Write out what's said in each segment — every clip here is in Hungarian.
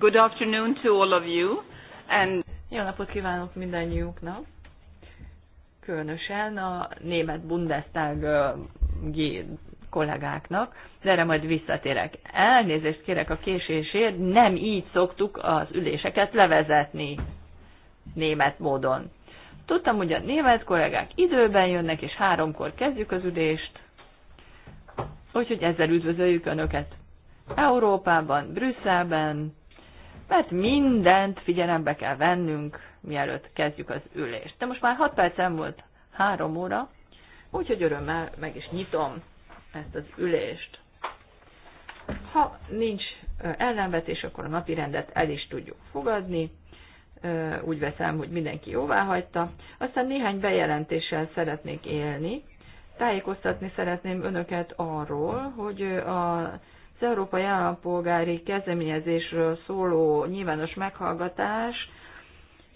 Good afternoon to all of you. And Jó napot kívánok mindannyiuknak. Különösen a német Bundestag kollégáknak, de erre majd visszatérek. Elnézést kérek a késésért, nem így szoktuk az üléseket levezetni német módon. Tudtam, hogy a német kollégák időben jönnek, és háromkor kezdjük az üdést. úgyhogy ezzel üdvözöljük Önöket Európában, Brüsszelben, mert mindent figyelembe kell vennünk, mielőtt kezdjük az ülést. De most már 6 percen volt 3 óra, úgyhogy örömmel meg is nyitom ezt az ülést. Ha nincs ellenvetés, akkor a napi rendet el is tudjuk fogadni. Úgy veszem, hogy mindenki jóvá hagyta. Aztán néhány bejelentéssel szeretnék élni. Tájékoztatni szeretném önöket arról, hogy a az Európai Állampolgári Kezdeményezésről szóló nyilvános meghallgatás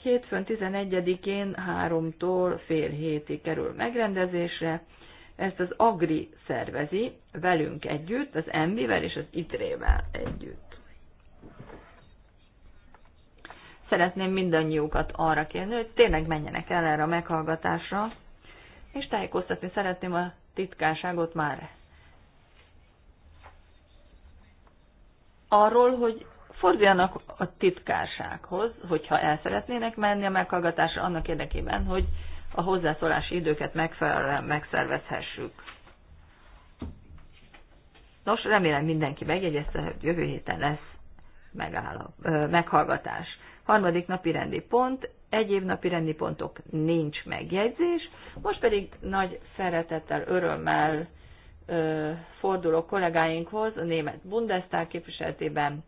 hétfőn 11-én 3-tól fél hétig kerül megrendezésre. Ezt az Agri szervezi velünk együtt, az MB-vel és az ITRE-vel együtt. Szeretném mindannyiukat arra kérni, hogy tényleg menjenek el erre a meghallgatásra, és tájékoztatni szeretném a titkárságot már arról, hogy forduljanak a titkársághoz, hogyha el szeretnének menni a meghallgatásra annak érdekében, hogy a hozzászólási időket megfelelően megszervezhessük. Nos, remélem mindenki megjegyezte, hogy jövő héten lesz megállap, ö, meghallgatás. Harmadik napi rendi pont, egyéb napi rendi pontok nincs megjegyzés, most pedig nagy szeretettel, örömmel forduló kollégáinkhoz a német Bundestag képviseletében.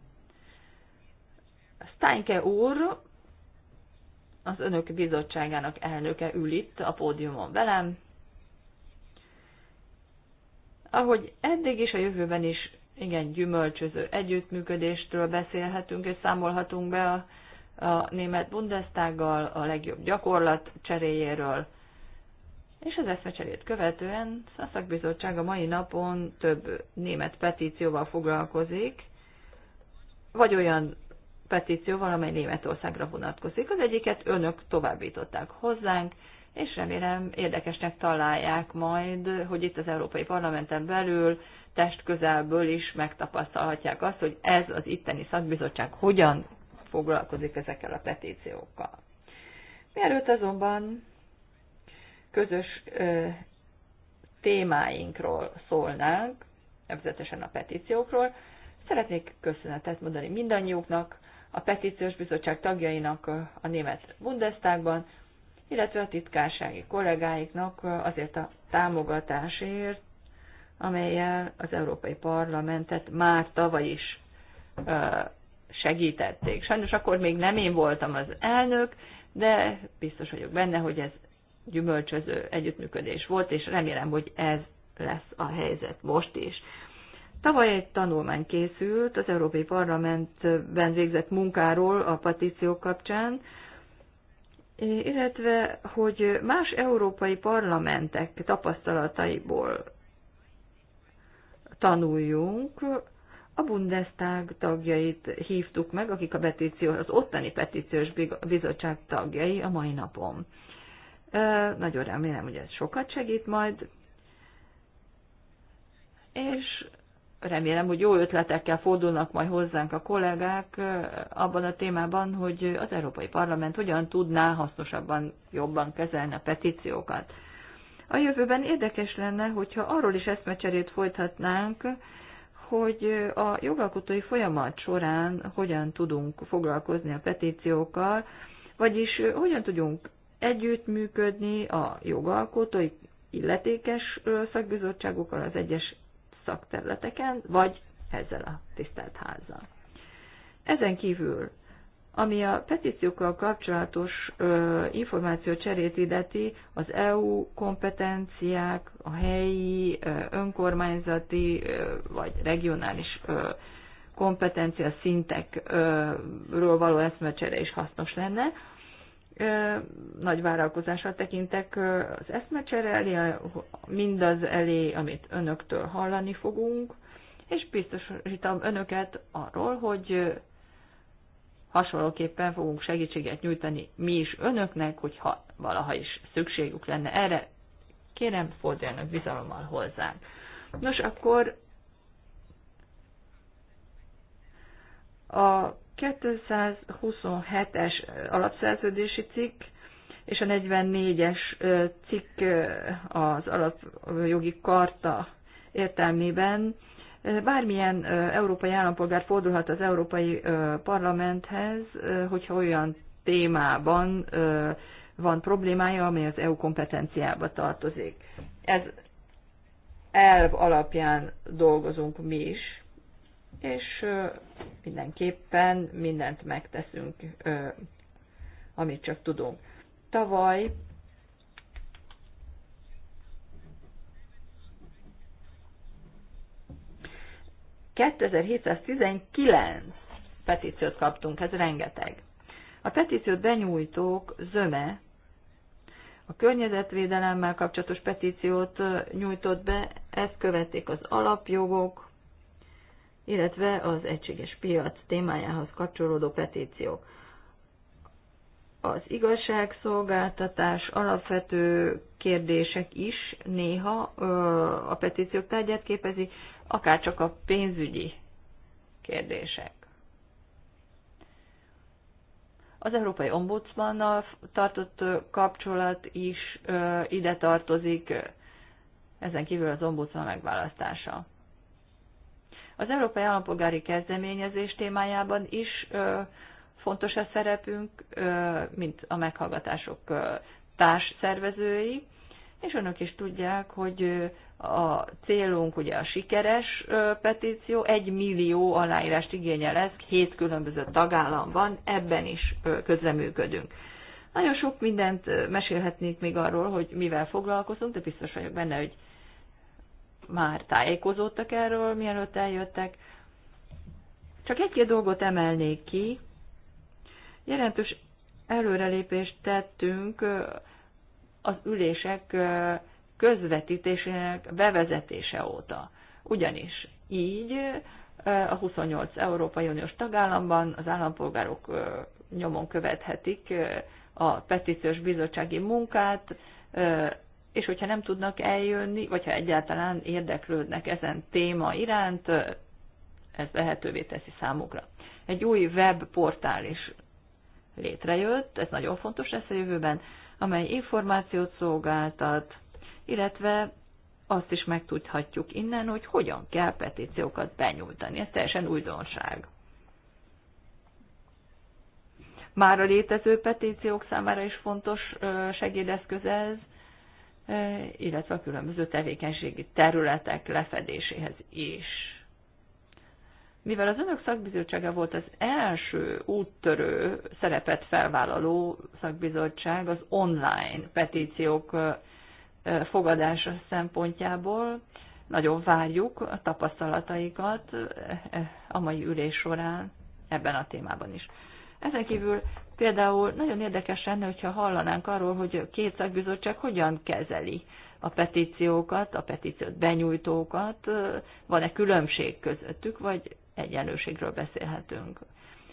Steinke úr, az önök bizottságának elnöke ül itt a pódiumon velem. Ahogy eddig is a jövőben is igen gyümölcsöző együttműködéstől beszélhetünk és számolhatunk be a, a német Bundestaggal, a legjobb gyakorlat cseréjéről és az eszmecserét követően a szakbizottság a mai napon több német petícióval foglalkozik, vagy olyan petícióval, amely Németországra vonatkozik. Az egyiket önök továbbították hozzánk, és remélem érdekesnek találják majd, hogy itt az Európai Parlamenten belül test közelből is megtapasztalhatják azt, hogy ez az itteni szakbizottság hogyan foglalkozik ezekkel a petíciókkal. Mielőtt azonban közös témáinkról szólnánk, nevezetesen a petíciókról. Szeretnék köszönetet mondani mindannyiuknak, a petíciós bizottság tagjainak a német Bundestagban, illetve a titkársági kollégáiknak azért a támogatásért, amelyel az Európai Parlamentet már tavaly is segítették. Sajnos akkor még nem én voltam az elnök, de biztos vagyok benne, hogy ez gyümölcsöző együttműködés volt, és remélem, hogy ez lesz a helyzet most is. Tavaly egy tanulmány készült az Európai Parlamentben végzett munkáról a petíció kapcsán, illetve hogy más európai parlamentek tapasztalataiból tanuljunk, a Bundestag tagjait hívtuk meg, akik a petíció, az ottani petíciós bizottság tagjai a mai napon. Nagyon remélem, hogy ez sokat segít majd. És remélem, hogy jó ötletekkel fordulnak majd hozzánk a kollégák abban a témában, hogy az Európai Parlament hogyan tudná hasznosabban, jobban kezelni a petíciókat. A jövőben érdekes lenne, hogyha arról is eszmecserét folytatnánk, hogy a jogalkotói folyamat során hogyan tudunk foglalkozni a petíciókkal, vagyis hogyan tudjunk együttműködni a jogalkotói illetékes szakbizottságokkal az egyes szakterületeken, vagy ezzel a tisztelt házzal. Ezen kívül, ami a petíciókkal kapcsolatos ö, információ cserét illeti, az EU kompetenciák, a helyi, ö, önkormányzati ö, vagy regionális ö, kompetencia szintekről való eszmecsere is hasznos lenne nagy vállalkozásra tekintek az eszmecsere elé, mindaz elé, amit önöktől hallani fogunk, és biztosítom önöket arról, hogy hasonlóképpen fogunk segítséget nyújtani mi is önöknek, hogyha valaha is szükségük lenne erre. Kérem, forduljanak bizalommal hozzánk. Nos, akkor a 227-es alapszerződési cikk és a 44-es cikk az alapjogi karta értelmében bármilyen európai állampolgár fordulhat az Európai Parlamenthez, hogyha olyan témában van problémája, ami az EU kompetenciába tartozik. Ez elv alapján dolgozunk mi is és mindenképpen mindent megteszünk, amit csak tudunk. Tavaly ...2719 petíciót kaptunk, ez rengeteg. A petíciót benyújtók zöme a környezetvédelemmel kapcsolatos petíciót nyújtott be, ezt követték az alapjogok, illetve az egységes piac témájához kapcsolódó petíciók. Az igazságszolgáltatás alapvető kérdések is néha ö, a petíciók tárgyát képezi, akár csak a pénzügyi kérdések. Az Európai Ombudsmannal tartott kapcsolat is ö, ide tartozik, ezen kívül az ombudsman megválasztása. Az Európai Állampolgári Kezdeményezés témájában is fontos a szerepünk, mint a meghallgatások társszervezői, és önök is tudják, hogy a célunk ugye a sikeres petíció, egy millió aláírást igényel ez, hét különböző tagállamban, ebben is közreműködünk. Nagyon sok mindent mesélhetnék még arról, hogy mivel foglalkozunk, de biztos vagyok benne, hogy már tájékozódtak erről, mielőtt eljöttek. Csak egy-két dolgot emelnék ki. Jelentős előrelépést tettünk az ülések közvetítésének bevezetése óta. Ugyanis így a 28 Európai Uniós tagállamban az állampolgárok nyomon követhetik a petíciós bizottsági munkát, és hogyha nem tudnak eljönni, vagy ha egyáltalán érdeklődnek ezen téma iránt, ez lehetővé teszi számukra. Egy új webportál is létrejött, ez nagyon fontos lesz a jövőben, amely információt szolgáltat, illetve azt is megtudhatjuk innen, hogy hogyan kell petíciókat benyújtani. Ez teljesen újdonság. Már a létező petíciók számára is fontos segédeszköz ez, E, illetve a különböző tevékenységi területek lefedéséhez is. Mivel az önök szakbizottsága volt az első úttörő szerepet felvállaló szakbizottság az online petíciók e, e, fogadása szempontjából, nagyon várjuk a tapasztalataikat a mai ülés során ebben a témában is. Ezen kívül Például nagyon érdekes lenne, hogyha hallanánk arról, hogy két szakbizottság hogyan kezeli a petíciókat, a petíciót benyújtókat, van-e különbség közöttük, vagy egyenlőségről beszélhetünk.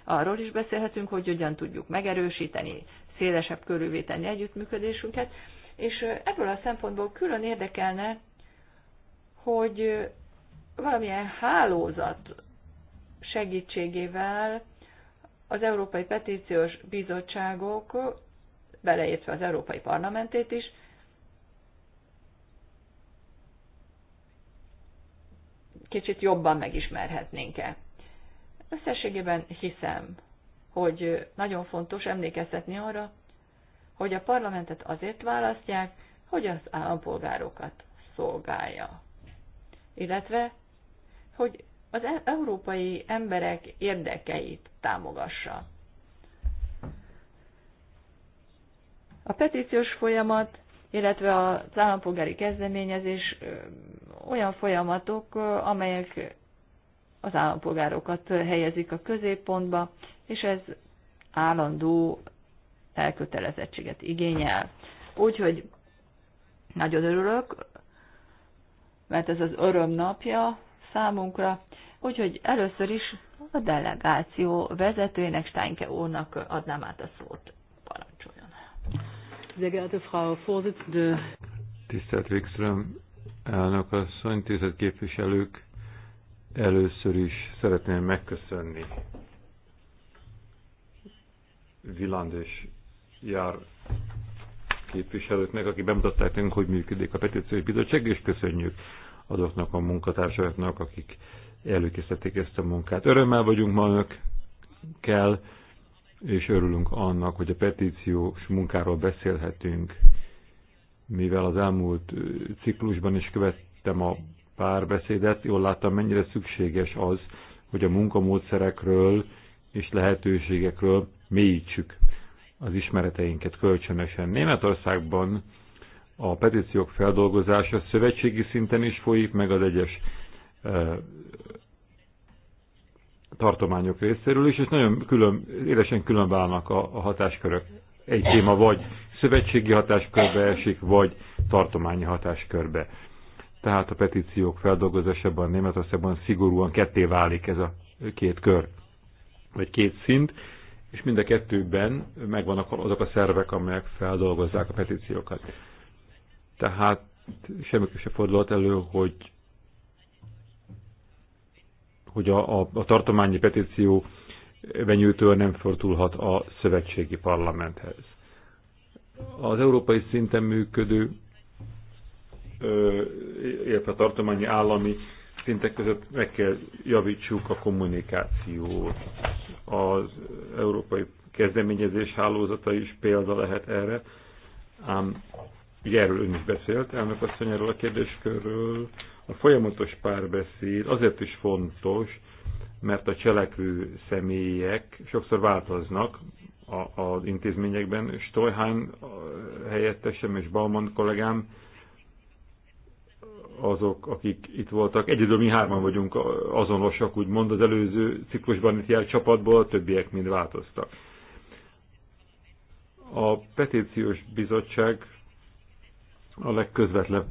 Arról is beszélhetünk, hogy hogyan tudjuk megerősíteni, szélesebb körülvé tenni együttműködésünket, és ebből a szempontból külön érdekelne, hogy valamilyen hálózat segítségével az Európai Petíciós Bizottságok, beleértve az Európai Parlamentét is, kicsit jobban megismerhetnénk-e. Összességében hiszem, hogy nagyon fontos emlékeztetni arra, hogy a parlamentet azért választják, hogy az állampolgárokat szolgálja. Illetve, hogy az e-, európai emberek érdekeit támogassa. A petíciós folyamat, illetve az állampolgári kezdeményezés olyan folyamatok, amelyek az állampolgárokat helyezik a középpontba, és ez állandó elkötelezettséget igényel. Úgyhogy nagyon örülök, mert ez az öröm napja számunkra, úgyhogy először is a delegáció vezetőjének, Steinke úrnak adnám át a szót. Parancsoljon. Sehr geehrte Frau Vorsitzende. Tisztelt Wikström, elnök asszony, tisztelt képviselők, először is szeretném megköszönni Viland és Jár képviselőknek, akik bemutatták nekünk, hogy működik a petíciós bizottság, és köszönjük azoknak a munkatársaknak, akik előkészítették ezt a munkát. Örömmel vagyunk ma önökkel, és örülünk annak, hogy a petíciós munkáról beszélhetünk, mivel az elmúlt ciklusban is követtem a párbeszédet, jól láttam, mennyire szükséges az, hogy a munkamódszerekről és lehetőségekről mélyítsük az ismereteinket kölcsönösen. Németországban a petíciók feldolgozása szövetségi szinten is folyik, meg az egyes tartományok részéről is, és nagyon külön, élesen külön válnak a, a hatáskörök. Egy téma vagy szövetségi hatáskörbe esik, vagy tartományi hatáskörbe. Tehát a petíciók feldolgozásában Németországban szigorúan ketté válik ez a két kör, vagy két szint, és mind a kettőben megvannak azok a szervek, amelyek feldolgozzák a petíciókat. Tehát semmi sem fordulhat elő, hogy hogy a, a, a tartományi petíció benyújtója nem fordulhat a szövetségi parlamenthez. Az európai szinten működő, illetve a tartományi állami szintek között meg kell javítsuk a kommunikációt. Az európai kezdeményezés hálózata is példa lehet erre, ám ugye erről ön is beszélt, elnök asszony erről a kérdéskörről, a folyamatos párbeszéd azért is fontos, mert a cselekvő személyek sokszor változnak a, az intézményekben. Stolheim helyettesem és Balman kollégám azok, akik itt voltak. Egyedül mi hárman vagyunk azonosak, úgymond az előző ciklusban itt járt csapatból, a többiek mind változtak. A petíciós bizottság a legközvetlenebb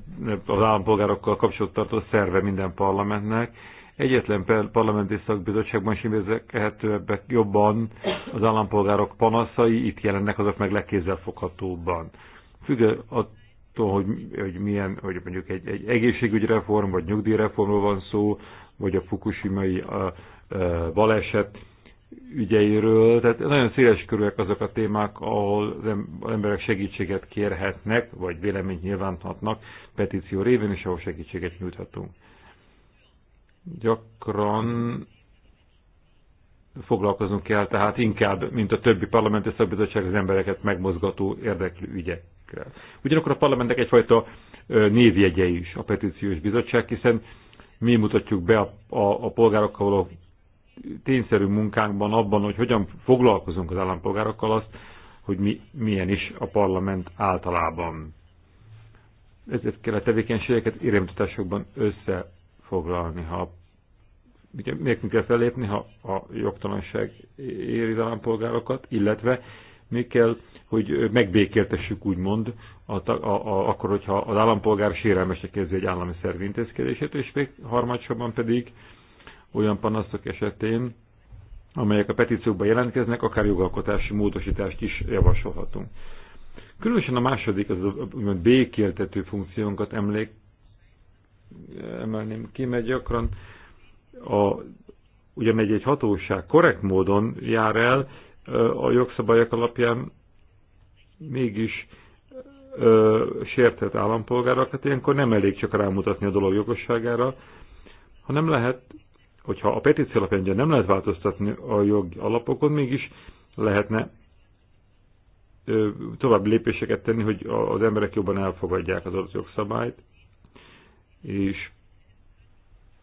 az állampolgárokkal kapcsolatban, tartó szerve minden parlamentnek. Egyetlen parlamenti szakbizottságban sem érzékelhetőbbek jobban az állampolgárok panaszai, itt jelennek azok meg legkézzelfoghatóbban. Függő attól, hogy, hogy milyen, hogy mondjuk egy, egy reform vagy nyugdíjreformról van szó, vagy a fukushimai a, a, e, baleset ügyeiről, tehát nagyon széles körülök azok a témák, ahol az emberek segítséget kérhetnek, vagy véleményt nyilvánthatnak. petíció révén, és ahol segítséget nyújthatunk. Gyakran foglalkozunk kell, tehát inkább, mint a többi parlamenti szakbizottság az embereket megmozgató érdeklő ügyekkel. Ugyanakkor a parlamentek egyfajta névjegye is a petíciós bizottság, hiszen mi mutatjuk be a, a, a polgárokkal való tényszerű munkánkban abban, hogy hogyan foglalkozunk az állampolgárokkal azt, hogy mi, milyen is a parlament általában. Ezért kell a tevékenységeket iránymutatásokban összefoglalni, ha ugye, miért kell fellépni, ha a jogtalanság éri az állampolgárokat, illetve mi kell, hogy megbékéltessük úgymond, a, a, a, akkor, hogyha az állampolgár sérelmesre kezdi egy állami szerv és még harmadsorban pedig olyan panaszok esetén, amelyek a petíciókban jelentkeznek, akár jogalkotási módosítást is javasolhatunk. Különösen a második, az a békéltető funkciónkat emlék, emelném ki, mert gyakran a, ugye megy egy hatóság korrekt módon jár el a jogszabályok alapján mégis ö, sértett állampolgárokat, hát ilyenkor nem elég csak rámutatni a dolog jogosságára, hanem lehet hogyha a petíció alapján nem lehet változtatni a jogi alapokon, mégis lehetne további lépéseket tenni, hogy az emberek jobban elfogadják az adott jogszabályt, és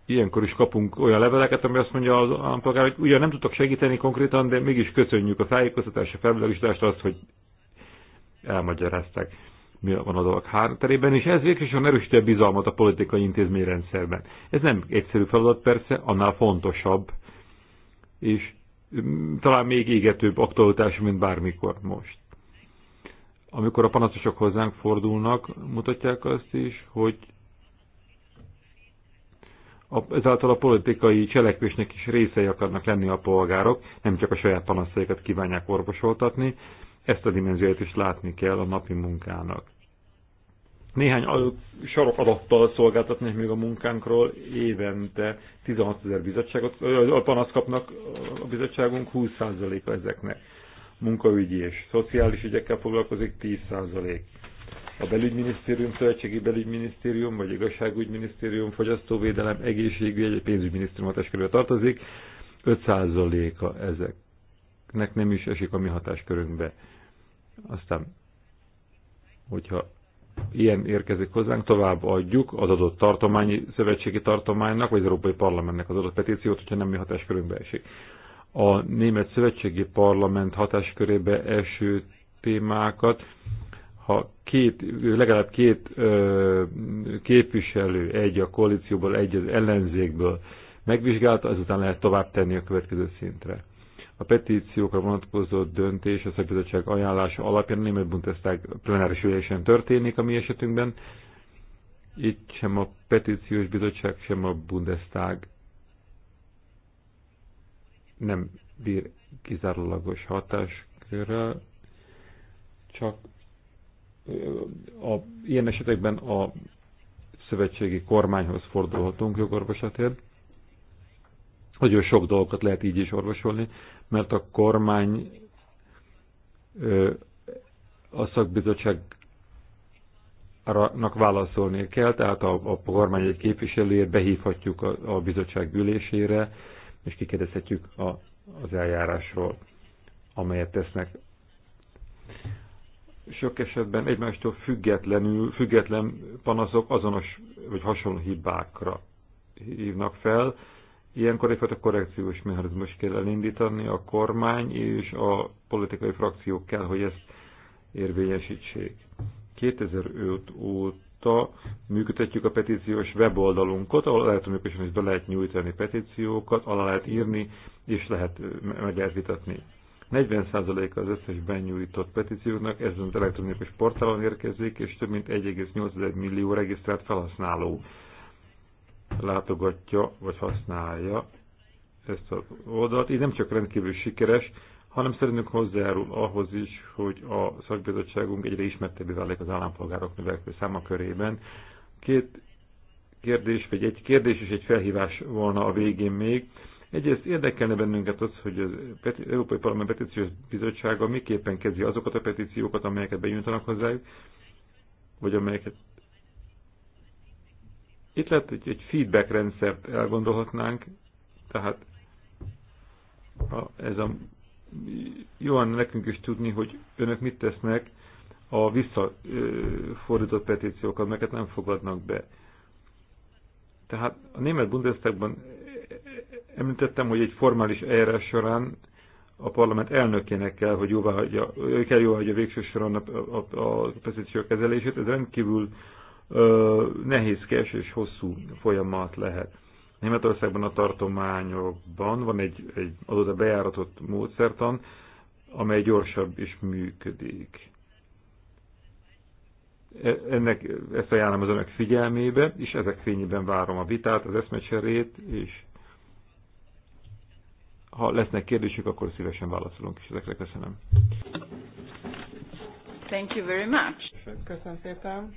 ilyenkor is kapunk olyan leveleket, ami azt mondja az állampolgár, hogy ugyan nem tudtok segíteni konkrétan, de mégis köszönjük a tájékoztatást, a felvilágosítást, azt, hogy elmagyarázták mi van a dolog hátterében, és ez végsősorban erősíti a bizalmat a politikai intézményrendszerben. Ez nem egyszerű feladat persze, annál fontosabb, és mm, talán még égetőbb aktualitású, mint bármikor most. Amikor a panaszosok hozzánk fordulnak, mutatják azt is, hogy a, ezáltal a politikai cselekvésnek is részei akarnak lenni a polgárok, nem csak a saját panaszaikat kívánják orvosoltatni, ezt a dimenziót is látni kell a napi munkának. Néhány sarok adattal szolgáltatnék még a munkánkról. Évente 16 ezer bizottságot, a panasz kapnak a bizottságunk 20%-a ezeknek. Munkaügyi és szociális ügyekkel foglalkozik 10% a belügyminisztérium, szövetségi belügyminisztérium, vagy igazságügyminisztérium, fogyasztóvédelem, egészségügy, egy pénzügyminisztérium hatáskörébe tartozik, 5%-a ezeknek nem is esik a mi hatáskörünkbe. Aztán, hogyha ilyen érkezik hozzánk, tovább adjuk az adott tartományi, szövetségi tartománynak, vagy az Európai Parlamentnek az adott petíciót, hogyha nem mi hatáskörünkbe esik. A Német Szövetségi Parlament hatáskörébe eső témákat, ha két, legalább két ö, képviselő, egy a koalícióból, egy az ellenzékből megvizsgálta, azután lehet tovább tenni a következő szintre. A petíciókra vonatkozó döntés a szakbizottság ajánlása alapján a Német Bundestag plenáris ülésen történik a mi esetünkben. Itt sem a petíciós bizottság, sem a Bundestag nem bír kizárólagos hatáskörrel, csak a, ilyen esetekben a szövetségi kormányhoz fordulhatunk jogorvosatért. Nagyon sok dolgot lehet így is orvosolni, mert a kormány a szakbizottságnak válaszolni kell, tehát a, a kormány egy képviselőjét behívhatjuk a, a bizottság ülésére, és kikérdezhetjük a, az eljárásról, amelyet tesznek. Sok esetben egymástól függetlenül, független panaszok azonos vagy hasonló hibákra hívnak fel, Ilyenkor egyfajta korrekciós mechanizmus kell elindítani, a kormány és a politikai frakciók kell, hogy ezt érvényesítsék. 2005 óta működtetjük a petíciós weboldalunkot, ahol elektronikusan is be lehet nyújtani petíciókat, alá lehet írni, és lehet, meg lehet vitatni. 40% az összes benyújtott petícióknak ezen az elektronikus portálon érkezik, és több mint 1,8 millió regisztrált felhasználó látogatja vagy használja ezt az oldalt. Így nem csak rendkívül sikeres, hanem szerintünk hozzájárul ahhoz is, hogy a szakbizottságunk egyre ismertebbé válik az állampolgárok növekvő száma körében. Két kérdés, vagy egy kérdés és egy felhívás volna a végén még. Egyrészt érdekelne bennünket az, hogy az Európai Parlament Petíciós Bizottsága miképpen kezdi azokat a petíciókat, amelyeket benyújtanak hozzájuk, vagy amelyeket itt lehet, hogy egy feedback rendszert elgondolhatnánk, tehát a, ez a, jó nekünk is tudni, hogy önök mit tesznek a visszafordított petíciókat, melyeket nem fogadnak be. Tehát a német Bundestagban említettem, hogy egy formális eljárás során a parlament elnökének kell, hogy jóvá hagyja, kell jóvá hagyja végső soron a, a, a petíció kezelését. Ez rendkívül nehézkes és hosszú folyamat lehet. Németországban a tartományokban van egy, egy adott a bejáratott módszertan, amely gyorsabb és működik. E, ennek, ezt ajánlom az önök figyelmébe, és ezek fényében várom a vitát, az eszmecserét, és ha lesznek kérdésük, akkor szívesen válaszolunk is ezekre. Köszönöm. Thank you very much. Köszönöm szépen.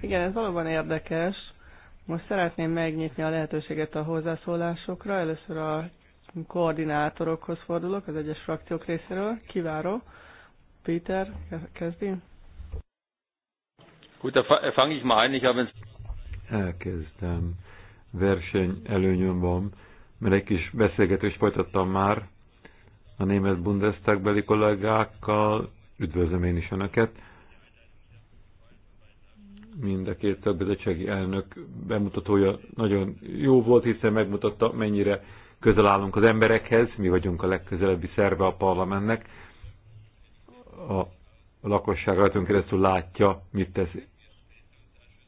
Igen, ez valóban érdekes. Most szeretném megnyitni a lehetőséget a hozzászólásokra. Először a koordinátorokhoz fordulok az egyes frakciók részéről. Kiváró. Péter, kezdi. Gut, fang ich mal Ich habe Elkezdem. Verseny előnyöm van, mert egy kis beszélgetést folytattam már a német Bundestagbeli kollégákkal. Üdvözlöm én is Önöket mind a két szakbizottsági elnök bemutatója nagyon jó volt, hiszen megmutatta, mennyire közel állunk az emberekhez, mi vagyunk a legközelebbi szerve a parlamentnek. A lakosság rajtunk keresztül látja, mit tesz.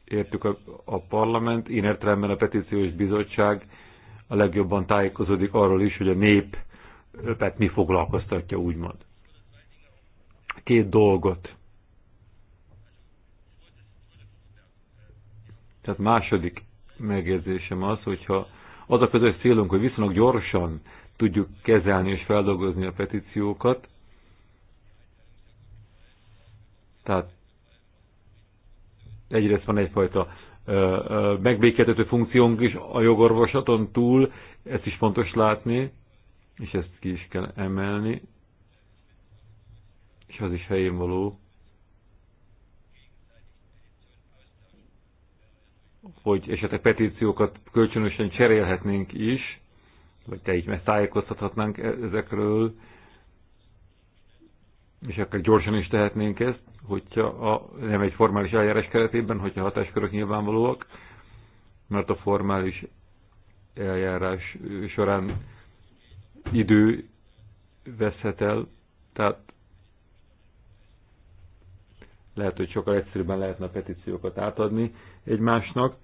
Értük a, a parlament, én értelemben a petíciós bizottság a legjobban tájékozódik arról is, hogy a nép mi foglalkoztatja, úgymond. Két dolgot Tehát második megérzésem az, hogyha az a közös célunk, hogy viszonylag gyorsan tudjuk kezelni és feldolgozni a petíciókat, tehát egyrészt van egyfajta megbékéltető funkciónk is a jogorvoslaton túl, ezt is fontos látni, és ezt ki is kell emelni, és az is helyén való, hogy esetleg petíciókat kölcsönösen cserélhetnénk is, vagy te így megtájékoztathatnánk e- ezekről, és akkor gyorsan is tehetnénk ezt, hogyha a, nem egy formális eljárás keretében, hogyha hatáskörök nyilvánvalóak, mert a formális eljárás során idő veszhet el, tehát lehet, hogy sokkal egyszerűbben lehetne a petíciókat átadni egymásnak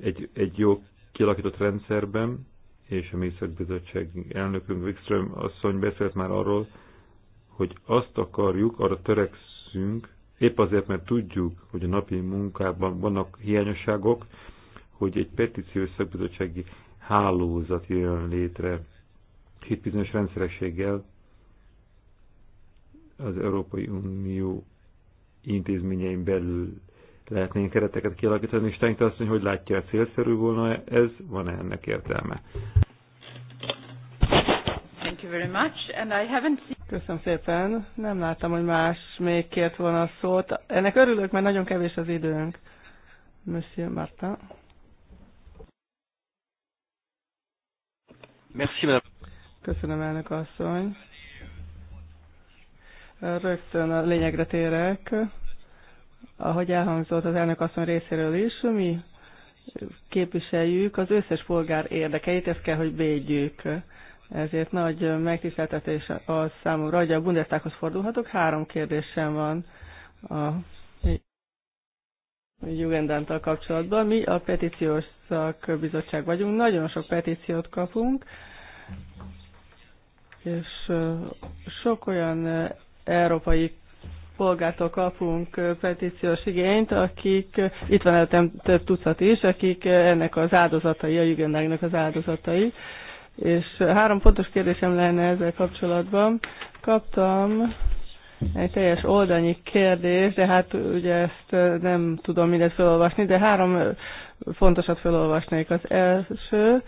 egy, egy jó kialakított rendszerben, és a Műszerbizottság elnökünk Wikström asszony beszélt már arról, hogy azt akarjuk, arra törekszünk, épp azért, mert tudjuk, hogy a napi munkában vannak hiányosságok, hogy egy petíciós szakbizottsági hálózat jön létre hitbizonyos rendszerességgel az Európai Unió intézményeim belül lehetnénk kereteket kialakítani, és Tenkte azt mondja, hogy látja, célszerű volna -e ez, van-e ennek értelme? Thank you very much, and I haven't seen... Köszönöm szépen, nem láttam, hogy más még kért volna a szót. Ennek örülök, mert nagyon kevés az időnk. Monsieur Marta. Merci, madame. Köszönöm, elnök asszony. Rögtön a lényegre térek. Ahogy elhangzott az elnök asszony részéről is, mi képviseljük az összes polgár érdekeit, ezt kell, hogy védjük. Ezért nagy megtiszteltetés az számomra, hogy a Bundestaghoz fordulhatok. Három kérdésem van a Jugendántal kapcsolatban. Mi a petíciós szakbizottság vagyunk, nagyon sok petíciót kapunk, és sok olyan európai polgártól kapunk petíciós igényt, akik, itt van előttem több tucat is, akik ennek az áldozatai, a Jugendlágnak az áldozatai. És három fontos kérdésem lenne ezzel kapcsolatban. Kaptam egy teljes oldalnyi kérdés, de hát ugye ezt nem tudom mindezt felolvasni, de három fontosat felolvasnék. Az első,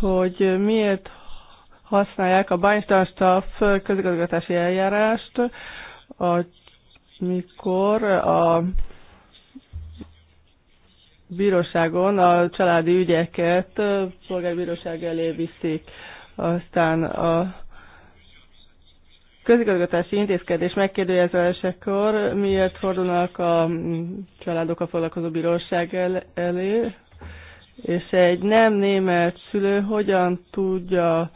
hogy miért használják a Beinstaff közigazgatási eljárást, amikor a bíróságon a családi ügyeket polgárbíróság elé viszik. Aztán a közigazgatási intézkedés megkérdőjelezésekor miért fordulnak a családokkal foglalkozó bíróság el- elé, és egy nem német szülő hogyan tudja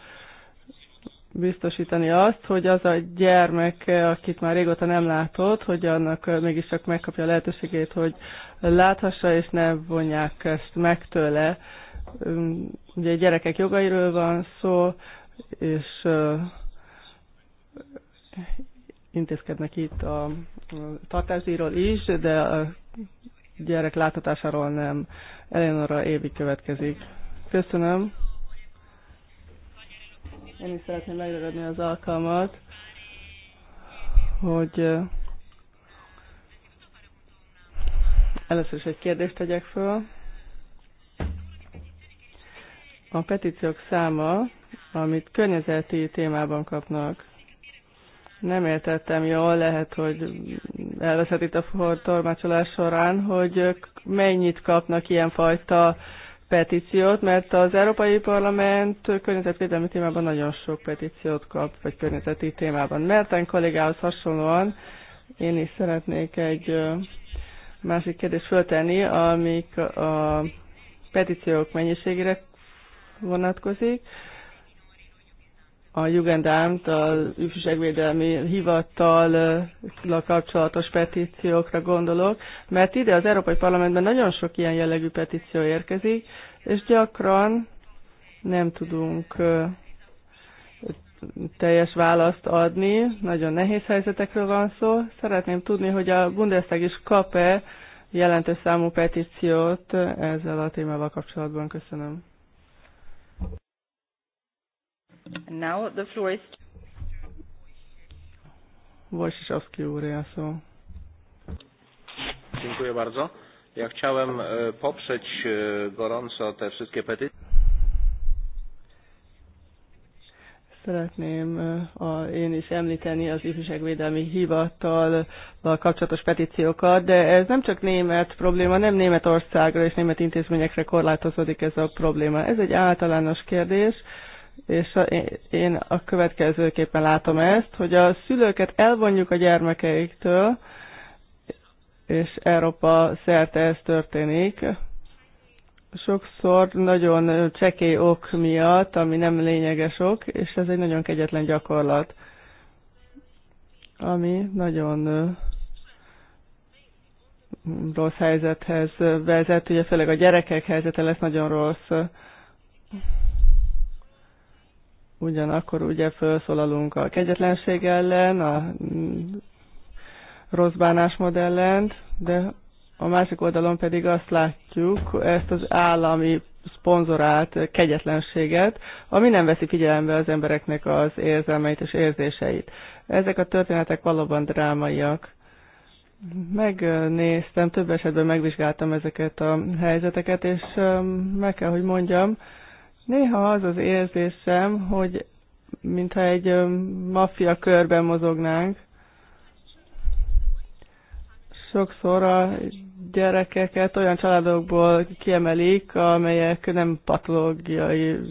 biztosítani azt, hogy az a gyermek, akit már régóta nem látott, hogy annak mégiscsak megkapja a lehetőségét, hogy láthassa, és ne vonják ezt meg tőle. Ugye gyerekek jogairól van szó, és intézkednek itt a tartásdíjról is, de a gyerek láthatásáról nem. Eleonora Évi következik. Köszönöm. Én is szeretném megragadni az alkalmat, hogy először is egy kérdést tegyek föl. A petíciók száma, amit környezeti témában kapnak, nem értettem jól, lehet, hogy elveszett itt a tormácsolás során, hogy mennyit kapnak ilyenfajta petíciót, mert az Európai Parlament környezetvédelmi témában nagyon sok petíciót kap, vagy környezeti témában. Merten kollégához hasonlóan én is szeretnék egy másik kérdést föltenni, amik a petíciók mennyiségére vonatkozik a Jugendamt, a ifjúságvédelmi hivatal kapcsolatos petíciókra gondolok, mert ide az Európai Parlamentben nagyon sok ilyen jellegű petíció érkezik, és gyakran nem tudunk teljes választ adni, nagyon nehéz helyzetekről van szó. Szeretném tudni, hogy a Bundestag is kap-e jelentős számú petíciót ezzel a témával kapcsolatban. Köszönöm. Now the floor is... Wojciechowski úr, szó. Dziękuję bardzo. Ja chciałem e, poprzeć e, gorąco te wszystkie petycje. Szeretném e, a, én is említeni az ifjúságvédelmi hivatal kapcsolatos petíciókat, de ez nem csak német probléma, nem Németországra és német intézményekre korlátozódik ez a probléma. Ez egy általános kérdés és a, én a következőképpen látom ezt, hogy a szülőket elvonjuk a gyermekeiktől, és Európa szerte ez történik. Sokszor nagyon csekély ok miatt, ami nem lényeges ok, és ez egy nagyon kegyetlen gyakorlat, ami nagyon rossz helyzethez vezet, ugye főleg a gyerekek helyzete lesz nagyon rossz ugyanakkor ugye felszólalunk a kegyetlenség ellen, a mm, rossz bánásmód ellen, de a másik oldalon pedig azt látjuk, ezt az állami szponzorált kegyetlenséget, ami nem veszi figyelembe az embereknek az érzelmeit és érzéseit. Ezek a történetek valóban drámaiak. Megnéztem, több esetben megvizsgáltam ezeket a helyzeteket, és um, meg kell, hogy mondjam, Néha az az érzésem, hogy mintha egy maffia körben mozognánk. Sokszor a gyerekeket olyan családokból kiemelik, amelyek nem patológiai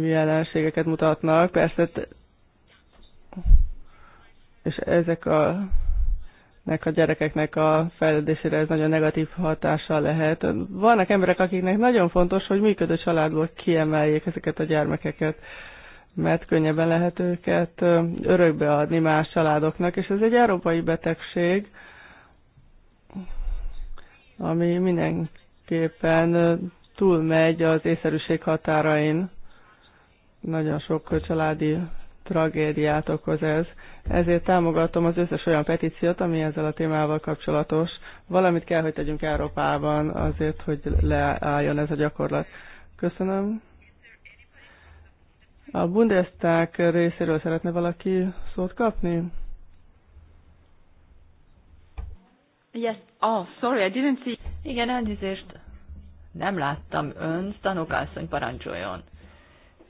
jelenségeket mutatnak. Persze, és ezek a nek a gyerekeknek a fejlődésére ez nagyon negatív hatással lehet. Vannak emberek, akiknek nagyon fontos, hogy működő családból kiemeljék ezeket a gyermekeket, mert könnyebben lehet őket örökbe adni más családoknak, és ez egy európai betegség, ami mindenképpen túlmegy az észszerűség határain. Nagyon sok családi tragédiát okoz ez ezért támogatom az összes olyan petíciót, ami ezzel a témával kapcsolatos. Valamit kell, hogy tegyünk Európában azért, hogy leálljon ez a gyakorlat. Köszönöm. A Bundestag részéről szeretne valaki szót kapni? Yes. Oh, sorry, I didn't see. Igen, elnézést. Nem láttam ön, tanokászony parancsoljon.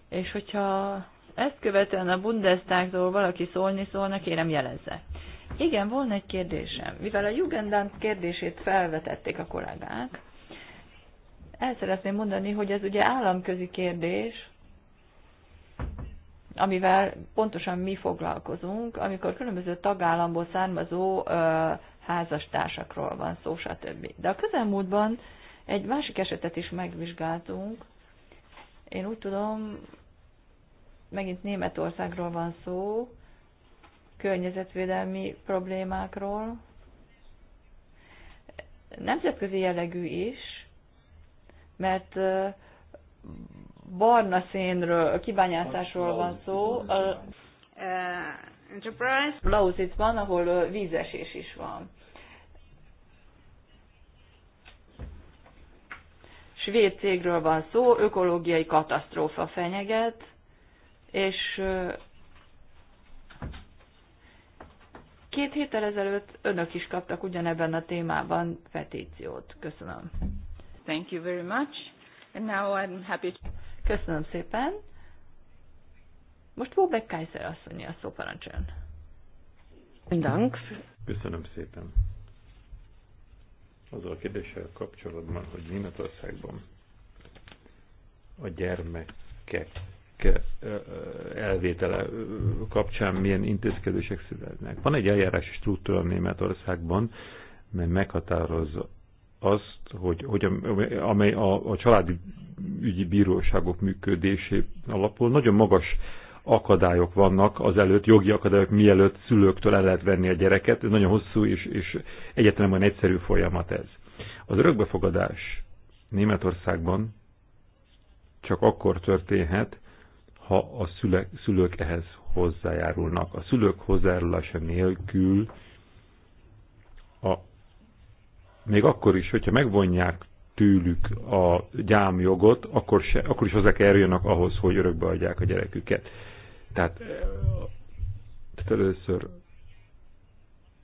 És hogyha ezt követően a Bundestagtól valaki szólni szólna, kérem jelezze. Igen, volna egy kérdésem. Mivel a Jugendamt kérdését felvetették a kollégák, el szeretném mondani, hogy ez ugye államközi kérdés, amivel pontosan mi foglalkozunk, amikor különböző tagállamból származó ö, házastársakról van szó, stb. De a közelmúltban egy másik esetet is megvizsgáltunk. Én úgy tudom, megint Németországról van szó, környezetvédelmi problémákról, nemzetközi jellegű is, mert barna szénről, kibányászásról van szó. Uh, A itt van ahol vízesés is van. Svéd cégről van szó, ökológiai katasztrófa fenyeget és két héttel ezelőtt önök is kaptak ugyanebben a témában petíciót. Köszönöm. Thank you very much. And now I'm happy to... Köszönöm szépen. Most Wobek Kaiser asszonyi a szó parancsön. Köszönöm szépen. Azzal a kérdéssel kapcsolatban, hogy Németországban a gyermekek elvétele kapcsán milyen intézkedések születnek. Van egy eljárási struktúra Németországban, mely meghatározza azt, hogy, hogy amely a, a családi ügyi bíróságok működésé alapul nagyon magas akadályok vannak az előtt, jogi akadályok mielőtt szülőktől el lehet venni a gyereket. Ez nagyon hosszú és, és egyetlen olyan egyszerű folyamat ez. Az örökbefogadás Németországban csak akkor történhet, ha a szülek, szülők ehhez hozzájárulnak. A szülők hozzájárulása nélkül a, még akkor is, hogyha megvonják tőlük a gyámjogot, akkor, se, akkor is hozzá kell ahhoz, hogy örökbe adják a gyereküket. Tehát, eh, tehát először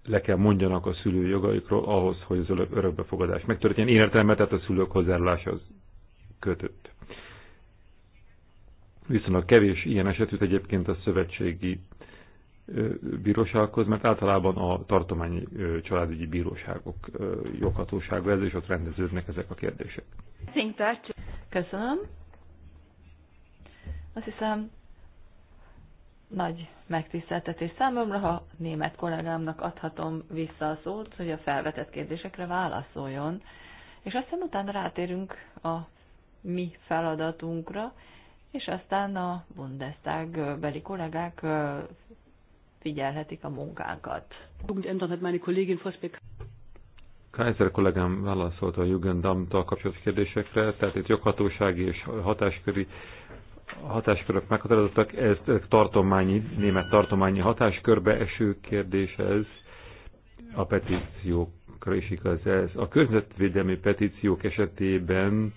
le kell mondjanak a szülő jogaikról ahhoz, hogy az örökbefogadás megtörténjen. Én értelme, tehát a szülők hozzájárulása az kötött. Viszonylag kevés ilyen esetűt egyébként a szövetségi bírósághoz, mert általában a tartományi családügyi bíróságok joghatósága ez, és ott rendeződnek ezek a kérdések. Köszönöm. Azt hiszem, nagy megtiszteltetés számomra, ha német kollégámnak adhatom vissza a szót, hogy a felvetett kérdésekre válaszoljon, és aztán utána rátérünk a mi feladatunkra, és aztán a Bundestag beli kollégák figyelhetik a munkánkat. Kaiser kollégám válaszolt a Jugendamtal kapcsolatos kérdésekre, tehát itt joghatósági és hatásköri hatáskörök meghatározottak, ez tartományi, német tartományi hatáskörbe eső kérdés ez, a petíciókra is igaz ez. A környezetvédelmi petíciók esetében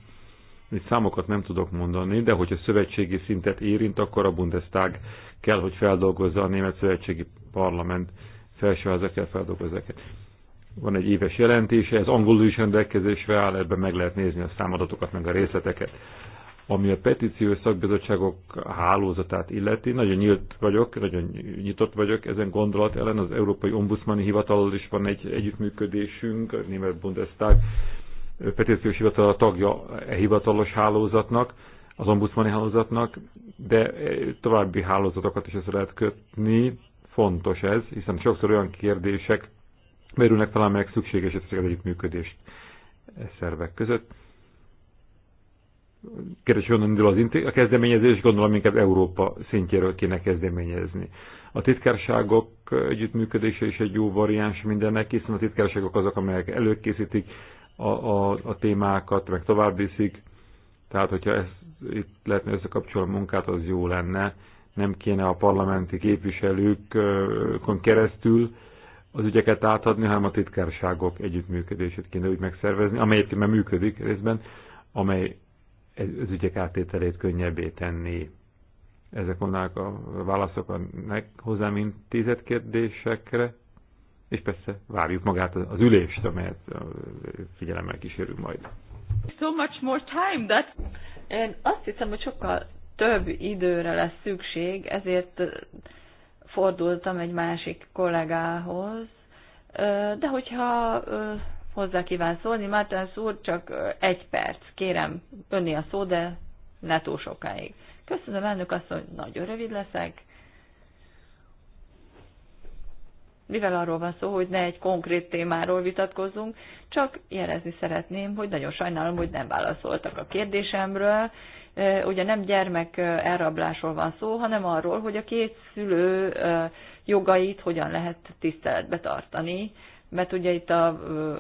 itt számokat nem tudok mondani, de hogyha szövetségi szintet érint, akkor a Bundestag kell, hogy feldolgozza a német szövetségi parlament felsőháza kell feldolgozza ezeket. Van egy éves jelentése, ez angolul is rendelkezésre áll, ebben meg lehet nézni a számadatokat, meg a részleteket. Ami a petíciós szakbizottságok hálózatát illeti, nagyon nyílt vagyok, nagyon nyitott vagyok ezen gondolat ellen. Az Európai Ombudsmani Hivatalról is van egy együttműködésünk, a Német Bundestag petíciós hivatal a tagja e hivatalos hálózatnak, az ombudsmani hálózatnak, de e, további hálózatokat is össze lehet kötni. Fontos ez, hiszen sokszor olyan kérdések merülnek fel, amelyek szükséges az együttműködést e szervek között. Kérdés, honnan indul az a kezdeményezés, gondolom inkább Európa szintjéről kéne kezdeményezni. A titkárságok együttműködése is egy jó variáns mindennek, hiszen a titkárságok azok, amelyek előkészítik, a, a, a témákat, meg tovább viszik. Tehát, hogyha ez itt lehetne összekapcsolni a munkát, az jó lenne. Nem kéne a parlamenti képviselőkön keresztül az ügyeket átadni, hanem a titkárságok együttműködését kéne úgy megszervezni, amely már működik részben, amely az ügyek átételét könnyebbé tenni. Ezek vannak a válaszok a hozzám intézett kérdésekre és persze várjuk magát az ülést, amelyet figyelemmel kísérünk majd. So much more time that... Én azt hiszem, hogy sokkal több időre lesz szükség, ezért fordultam egy másik kollégához, de hogyha hozzá kíván szólni, Márten úr, csak egy perc, kérem, önni a szó, de ne túl sokáig. Köszönöm, elnök hogy nagyon rövid leszek mivel arról van szó, hogy ne egy konkrét témáról vitatkozzunk, csak jelezni szeretném, hogy nagyon sajnálom, hogy nem válaszoltak a kérdésemről. Ugye nem gyermek elrablásról van szó, hanem arról, hogy a két szülő jogait hogyan lehet tiszteletbe tartani, mert ugye itt a,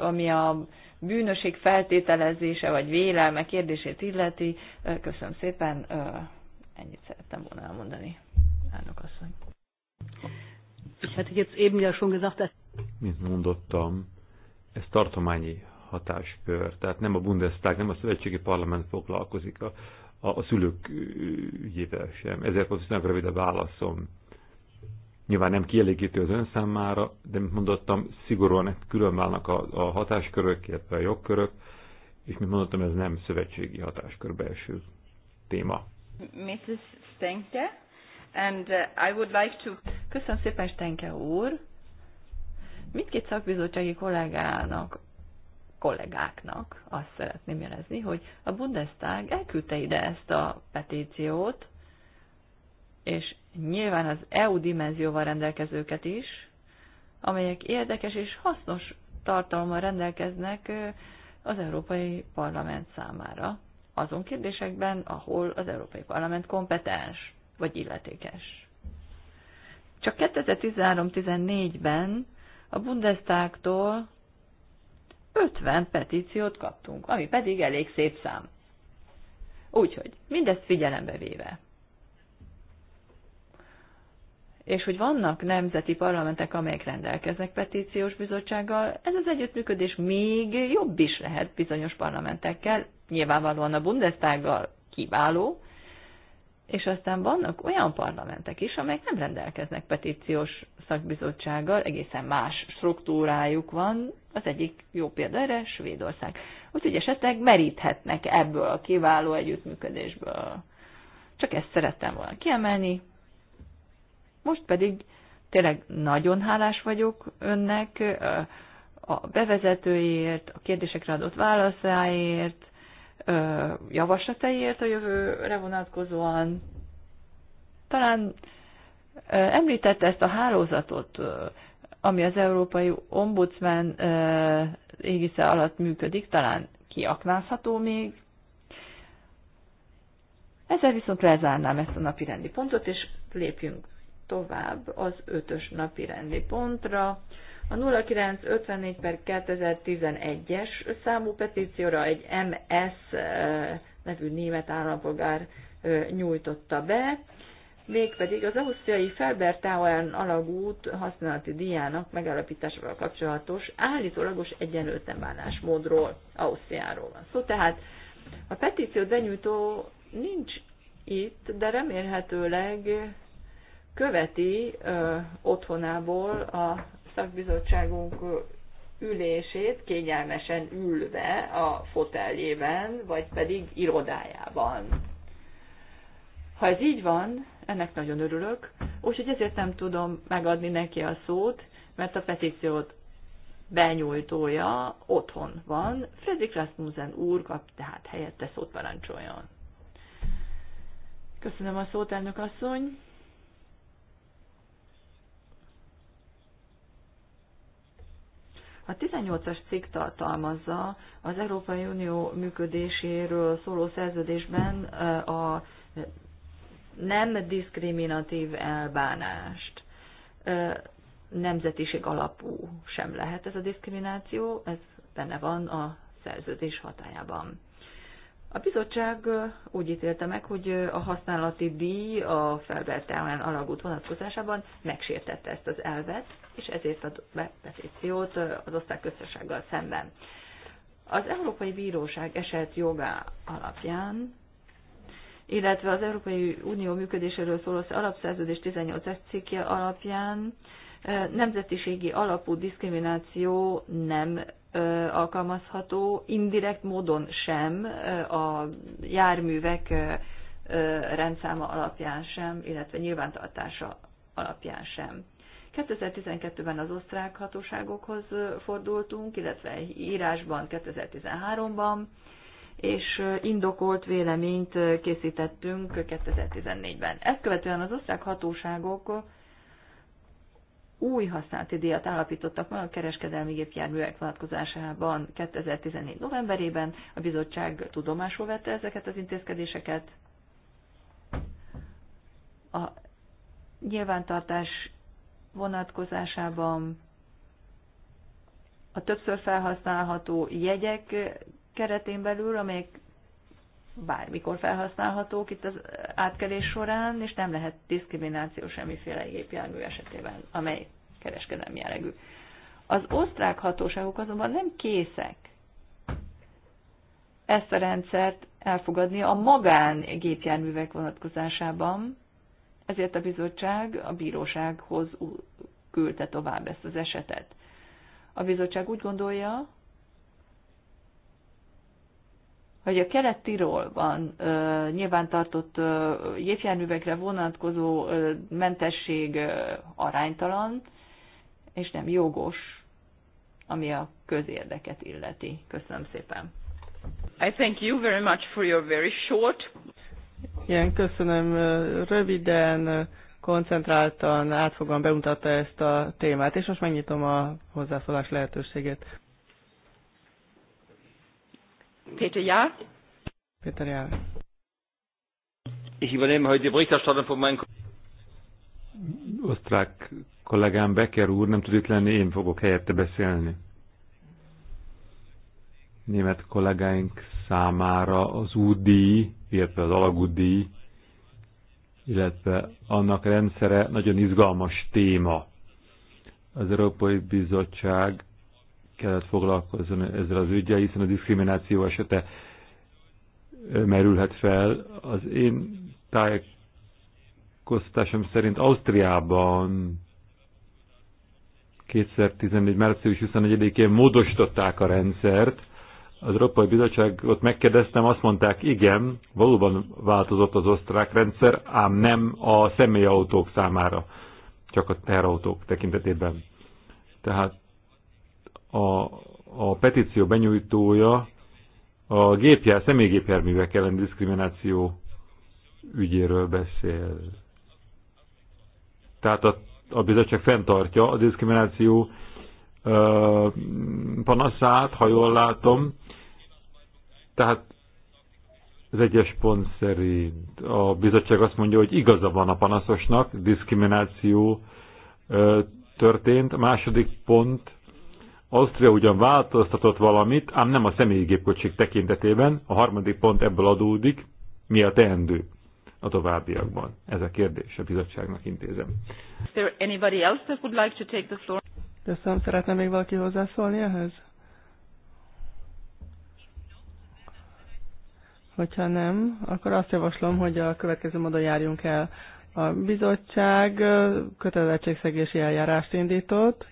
ami a bűnösség feltételezése vagy vélelme kérdését illeti, köszönöm szépen, ennyit szerettem volna elmondani, elnök asszony. Ich hatte jetzt eben ja schon gesagt, dass mint mondottam, ez tartományi hatáskör, tehát nem a Bundestag, nem a szövetségi parlament foglalkozik a, a, a szülők ügyével sem. Ezért volt viszonylag rövid a válaszom. Nyilván nem kielégítő az ön számára, de mint mondottam, szigorúan válnak a, a hatáskörök, illetve a jogkörök, és mint mondottam, ez nem szövetségi hatáskörbe eső téma. Mrs. Stenke? And uh, I would like to... Köszönöm szépen, Stenke úr! Mindkét szakbizottsági kollégának, kollégáknak azt szeretném jelezni, hogy a Bundestag elküldte ide ezt a petíciót, és nyilván az EU dimenzióval rendelkezőket is, amelyek érdekes és hasznos tartalommal rendelkeznek az Európai Parlament számára, azon kérdésekben, ahol az Európai Parlament kompetens vagy illetékes. Csak 2013-14-ben a Bundestagtól 50 petíciót kaptunk, ami pedig elég szép szám. Úgyhogy mindezt figyelembe véve. És hogy vannak nemzeti parlamentek, amelyek rendelkeznek petíciós bizottsággal, ez az együttműködés még jobb is lehet bizonyos parlamentekkel, nyilvánvalóan a Bundestaggal kiváló, és aztán vannak olyan parlamentek is, amelyek nem rendelkeznek petíciós szakbizottsággal, egészen más struktúrájuk van, az egyik jó példa erre Svédország. Úgyhogy esetleg meríthetnek ebből a kiváló együttműködésből. Csak ezt szerettem volna kiemelni. Most pedig tényleg nagyon hálás vagyok önnek a bevezetőért, a kérdésekre adott válaszáért, javaslataiért a jövőre vonatkozóan. Talán említette ezt a hálózatot, ami az Európai Ombudsman égisze alatt működik, talán kiaknázható még. Ezzel viszont lezárnám ezt a napi rendi pontot, és lépjünk tovább az ötös napi rendi pontra, a 0954 per 2011-es számú petícióra egy MS nevű német állampolgár nyújtotta be, mégpedig az ausztriai Felbertauern alagút használati díjának megállapításával kapcsolatos állítólagos egyenlőtlen bánásmódról, Ausztriáról van szó. Szóval tehát a petíció benyújtó nincs itt, de remélhetőleg követi ö, otthonából a szakbizottságunk ülését kényelmesen ülve a foteljében, vagy pedig irodájában. Ha ez így van, ennek nagyon örülök, úgyhogy ezért nem tudom megadni neki a szót, mert a petíciót benyújtója otthon van. Fredrik Rasmussen úr kap, tehát helyette szót parancsoljon. Köszönöm a szót, elnök asszony. A 18-as cikk tartalmazza az Európai Unió működéséről szóló szerződésben a nem diszkriminatív elbánást. Nemzetiség alapú sem lehet ez a diszkrimináció, ez benne van a szerződés hatájában. A bizottság úgy ítélte meg, hogy a használati díj a felvertelmen alagút vonatkozásában megsértette ezt az elvet, és ezért ad be petíciót az osztályköztársággal szemben. Az Európai Bíróság eset jogá alapján, illetve az Európai Unió működéséről szóló alapszerződés 18 cikke alapján nemzetiségi alapú diszkrimináció nem alkalmazható, indirekt módon sem a járművek rendszáma alapján sem, illetve nyilvántartása alapján sem. 2012-ben az osztrák hatóságokhoz fordultunk, illetve írásban 2013-ban, és indokolt véleményt készítettünk 2014-ben. Ezt követően az osztrák hatóságok új használati díjat állapítottak meg a kereskedelmi gépjárművek vonatkozásában 2014. novemberében. A bizottság tudomásul vette ezeket az intézkedéseket. A nyilvántartás vonatkozásában a többször felhasználható jegyek keretén belül, amelyek bármikor felhasználhatók itt az átkelés során, és nem lehet diszkrimináció semmiféle gépjármű esetében, amely kereskedelmi jellegű. Az osztrák hatóságok azonban nem készek ezt a rendszert elfogadni a magán gépjárművek vonatkozásában, ezért a bizottság a bírósághoz küldte tovább ezt az esetet. A bizottság úgy gondolja, hogy a kelet-tirolban ö, nyilvántartott ö, jégjárművekre vonatkozó ö, mentesség ö, aránytalan, és nem jogos, ami a közérdeket illeti. Köszönöm szépen. I thank you very much for your very short igen, köszönöm. Röviden, koncentráltan, átfogóan bemutatta ezt a témát, és most megnyitom a hozzászólás lehetőségét. Péter Jár. Péter Jár. Ich übernehme heute die Berichterstattung von meinem osztrák kollégám Becker úr nem tud itt lenni, én fogok helyette beszélni. Német kollégáink számára az útdíj, illetve az alagútdíj, illetve annak rendszere nagyon izgalmas téma. Az Európai Bizottság kellett foglalkozzon ezzel az ügyel, hiszen a diszkrimináció esete merülhet fel. Az én tájékoztatásom szerint Ausztriában 2014. március 24-én módosították a rendszert, az Európai Bizottságot megkérdeztem, azt mondták, igen, valóban változott az osztrák rendszer, ám nem a személyautók számára, csak a teherautók tekintetében. Tehát a, a petíció benyújtója a gépjár, személygépjárművek ellen diszkrimináció ügyéről beszél. Tehát a, a bizottság fenntartja a diszkrimináció panaszát, ha jól látom. Tehát az egyes pont szerint a bizottság azt mondja, hogy igaza van a panaszosnak, diszkrimináció történt. A második pont, Ausztria ugyan változtatott valamit, ám nem a személyi gépkocsik tekintetében. A harmadik pont ebből adódik, mi a teendő a továbbiakban. Ez a kérdés a bizottságnak intézem. Köszönöm, szeretne még valaki hozzászólni ehhez? Hogyha nem, akkor azt javaslom, hogy a következő módon járjunk el. A bizottság kötelezettségszegési eljárást indított,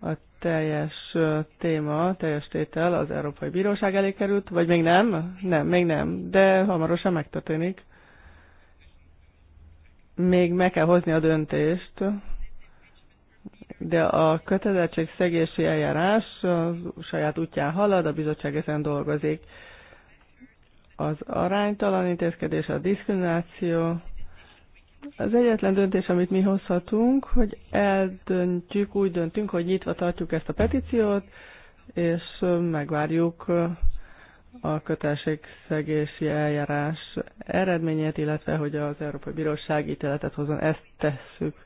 a teljes téma, teljes tétel az Európai Bíróság elé került, vagy még nem? Nem, még nem, de hamarosan megtörténik. Még meg kell hozni a döntést de a szegési eljárás a saját útján halad, a bizottság ezen dolgozik. Az aránytalan intézkedés, a diszkrimináció, az egyetlen döntés, amit mi hozhatunk, hogy eldöntjük, úgy döntünk, hogy nyitva tartjuk ezt a petíciót, és megvárjuk a kötelességszegési eljárás eredményét, illetve hogy az Európai Bíróság ítéletet hozzon. Ezt tesszük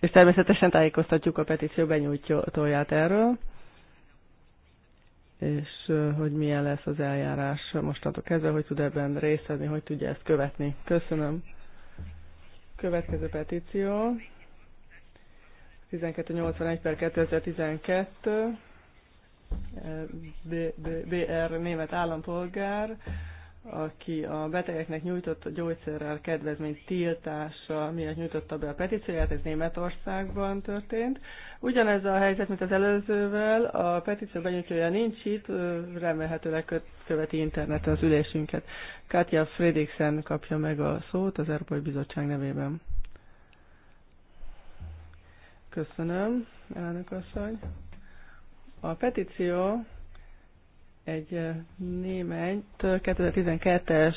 és természetesen tájékoztatjuk a petíció benyújtóját erről, és hogy milyen lesz az eljárás mostantól kezdve, hogy tud ebben részt venni, hogy tudja ezt követni. Köszönöm. Következő petíció. 1281 per 2012. BR német állampolgár aki a betegeknek nyújtott a gyógyszerrel kedvezmény tiltása miatt nyújtotta be a petícióját, ez Németországban történt. Ugyanez a helyzet, mint az előzővel, a petíció benyújtója nincs itt, remélhetőleg követi interneten az ülésünket. Katja Fredriksen kapja meg a szót az Európai Bizottság nevében. Köszönöm, elnök asszony. A petíció egy német 2012-es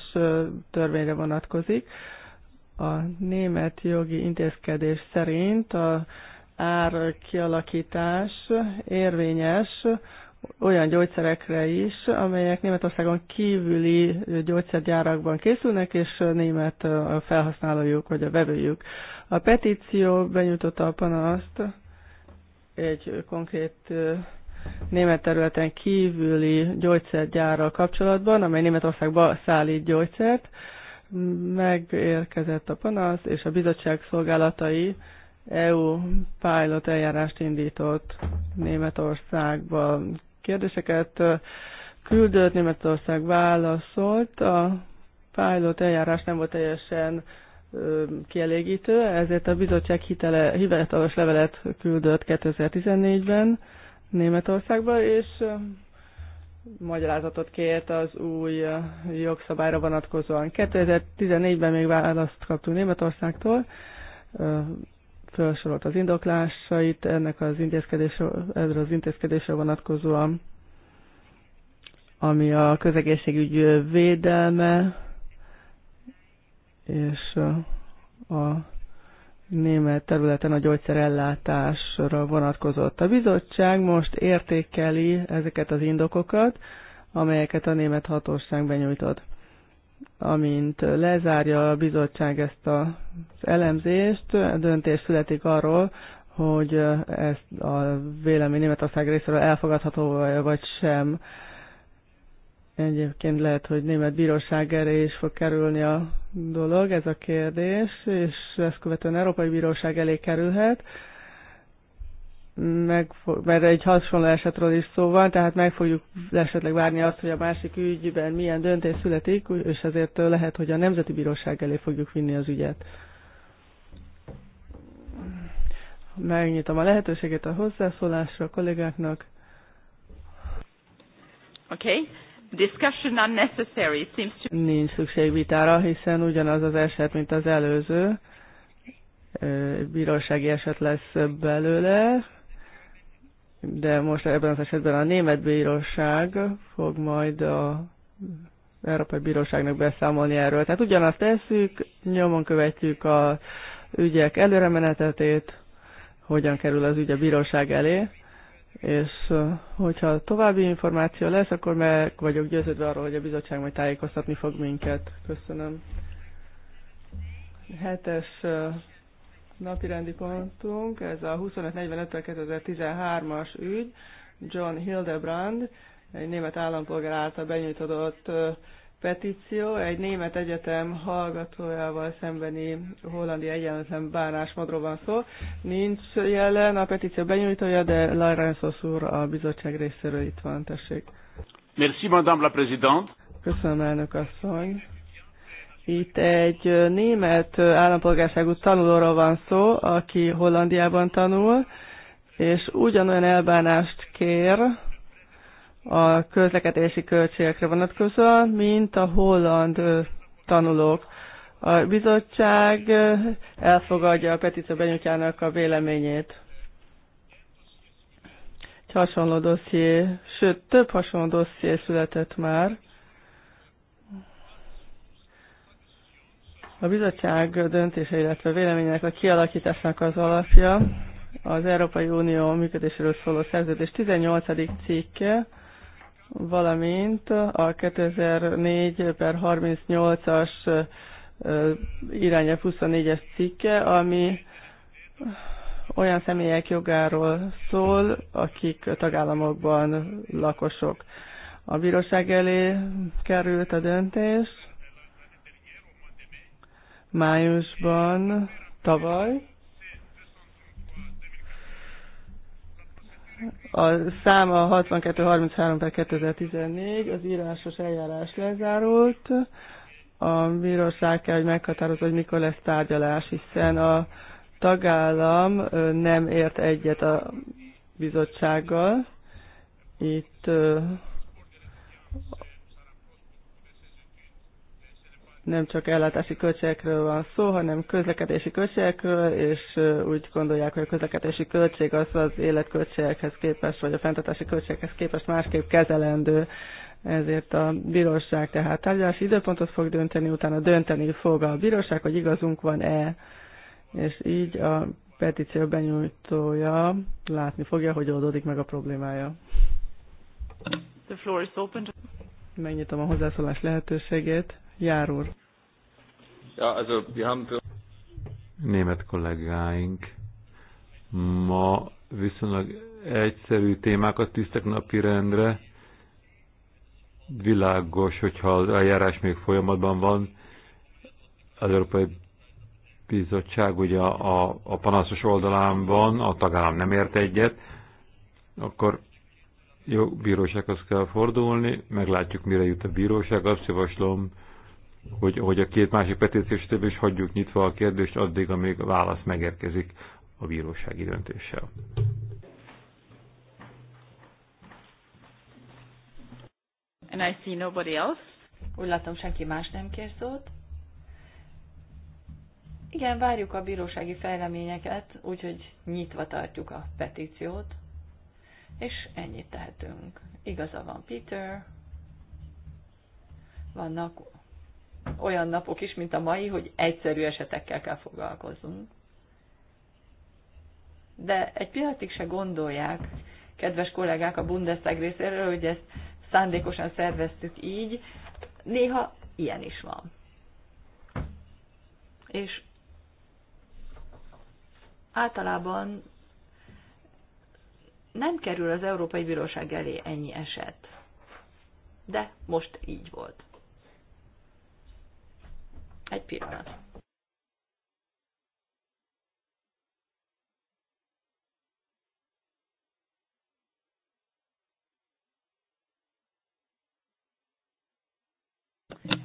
törvényre vonatkozik. A német jogi intézkedés szerint a ár kialakítás érvényes olyan gyógyszerekre is, amelyek Németországon kívüli gyógyszergyárakban készülnek, és német felhasználójuk vagy a vevőjük. A petíció benyújtotta a panaszt egy konkrét német területen kívüli gyógyszergyárral kapcsolatban, amely Németországba szállít gyógyszert. Megérkezett a panasz, és a bizottság szolgálatai EU pilot eljárást indított Németországba. Kérdéseket küldött, Németország válaszolt. A pilot eljárás nem volt teljesen kielégítő, ezért a bizottság hitele, hivatalos levelet küldött 2014-ben, Németországba, és um, magyarázatot kért az új uh, jogszabályra vonatkozóan. 2014-ben még választ kaptunk Németországtól, uh, felsorolt az indoklásait ennek az intézkedésre, az intézkedésre vonatkozóan, ami a közegészségügy védelme és uh, a német területen a gyógyszerellátásra vonatkozott. A bizottság most értékeli ezeket az indokokat, amelyeket a német hatóság benyújtott. Amint lezárja a bizottság ezt az elemzést, a döntés születik arról, hogy ezt a vélemény Németország részéről elfogadható vagy sem. Egyébként lehet, hogy német bíróság elé is fog kerülni a dolog, ez a kérdés, és ezt követően Európai Bíróság elé kerülhet. Meg, mert egy hasonló esetről is szó van, tehát meg fogjuk esetleg várni azt, hogy a másik ügyben milyen döntés születik, és ezért lehet, hogy a Nemzeti Bíróság elé fogjuk vinni az ügyet. Megnyitom a lehetőséget a hozzászólásra a kollégáknak. Oké. Okay. Discussion unnecessary, seems to... Nincs szükség vitára, hiszen ugyanaz az eset, mint az előző. Bírósági eset lesz belőle, de most ebben az esetben a német bíróság fog majd a Európai Bíróságnak beszámolni erről. Tehát ugyanazt tesszük, nyomon követjük a ügyek előremenetetét, hogyan kerül az ügy a bíróság elé, és hogyha további információ lesz, akkor meg vagyok győződve arról, hogy a bizottság majd tájékoztatni fog minket. Köszönöm. Hetes napirendi pontunk, ez a 2013 as ügy, John Hildebrand, egy német állampolgár által benyújtott petíció egy német egyetem hallgatójával szembeni hollandi egyenlőtlen bánásmódról van szó. Nincs jelen a petíció benyújtója, de Lajránszos úr a bizottság részéről itt van, tessék. Merci, madame la présidente. Köszönöm, elnök asszony. Itt egy német állampolgárságú tanulóról van szó, aki Hollandiában tanul, és ugyanolyan elbánást kér, a közlekedési költségekre vonatkozóan, mint a holland tanulók. A bizottság elfogadja a petíció benyújtjának a véleményét. Egy hasonló dosszié, sőt több hasonló dosszié született már. A bizottság döntése, illetve véleménynek a kialakításnak az alapja az Európai Unió működéséről szóló szerződés 18. cikke, valamint a 2004 per 38-as irányelv 24-es cikke, ami olyan személyek jogáról szól, akik tagállamokban lakosok. A bíróság elé került a döntés májusban tavaly, A száma 6233 per 2014, az írásos eljárás lezárult. A bíróság kell, hogy meghatározza, hogy mikor lesz tárgyalás, hiszen a tagállam nem ért egyet a bizottsággal. Itt nem csak ellátási költségekről van szó, hanem közlekedési költségekről, és úgy gondolják, hogy a közlekedési költség az az életköltségekhez képest, vagy a fenntartási költségekhez képest másképp kezelendő. Ezért a bíróság tehát tárgyalási időpontot fog dönteni, utána dönteni fog a bíróság, hogy igazunk van-e, és így a petíció benyújtója látni fogja, hogy oldódik meg a problémája. The floor is open. Megnyitom a hozzászólás lehetőségét. Jár úr. Ja, also, wir haben für... Német kollégáink ma viszonylag egyszerű témákat tűztek napirendre. Világos, hogyha az eljárás még folyamatban van, az Európai Bizottság ugye a, a, a panaszos oldalán van, a tagállam nem ért egyet, akkor jó, bírósághoz kell fordulni, meglátjuk, mire jut a bíróság, azt javaslom, hogy, hogy a két másik petíciós több is hagyjuk nyitva a kérdést addig, amíg a válasz megérkezik a bírósági döntéssel. And I see nobody else. Úgy látom, senki más nem kér szót. Igen, várjuk a bírósági fejleményeket, úgyhogy nyitva tartjuk a petíciót, és ennyit tehetünk. Igaza van Peter, vannak olyan napok is, mint a mai, hogy egyszerű esetekkel kell foglalkoznunk. De egy pillanatig se gondolják, kedves kollégák a Bundestag részéről, hogy ezt szándékosan szerveztük így. Néha ilyen is van. És általában nem kerül az Európai Bíróság elé ennyi eset. De most így volt. Egy pillanat.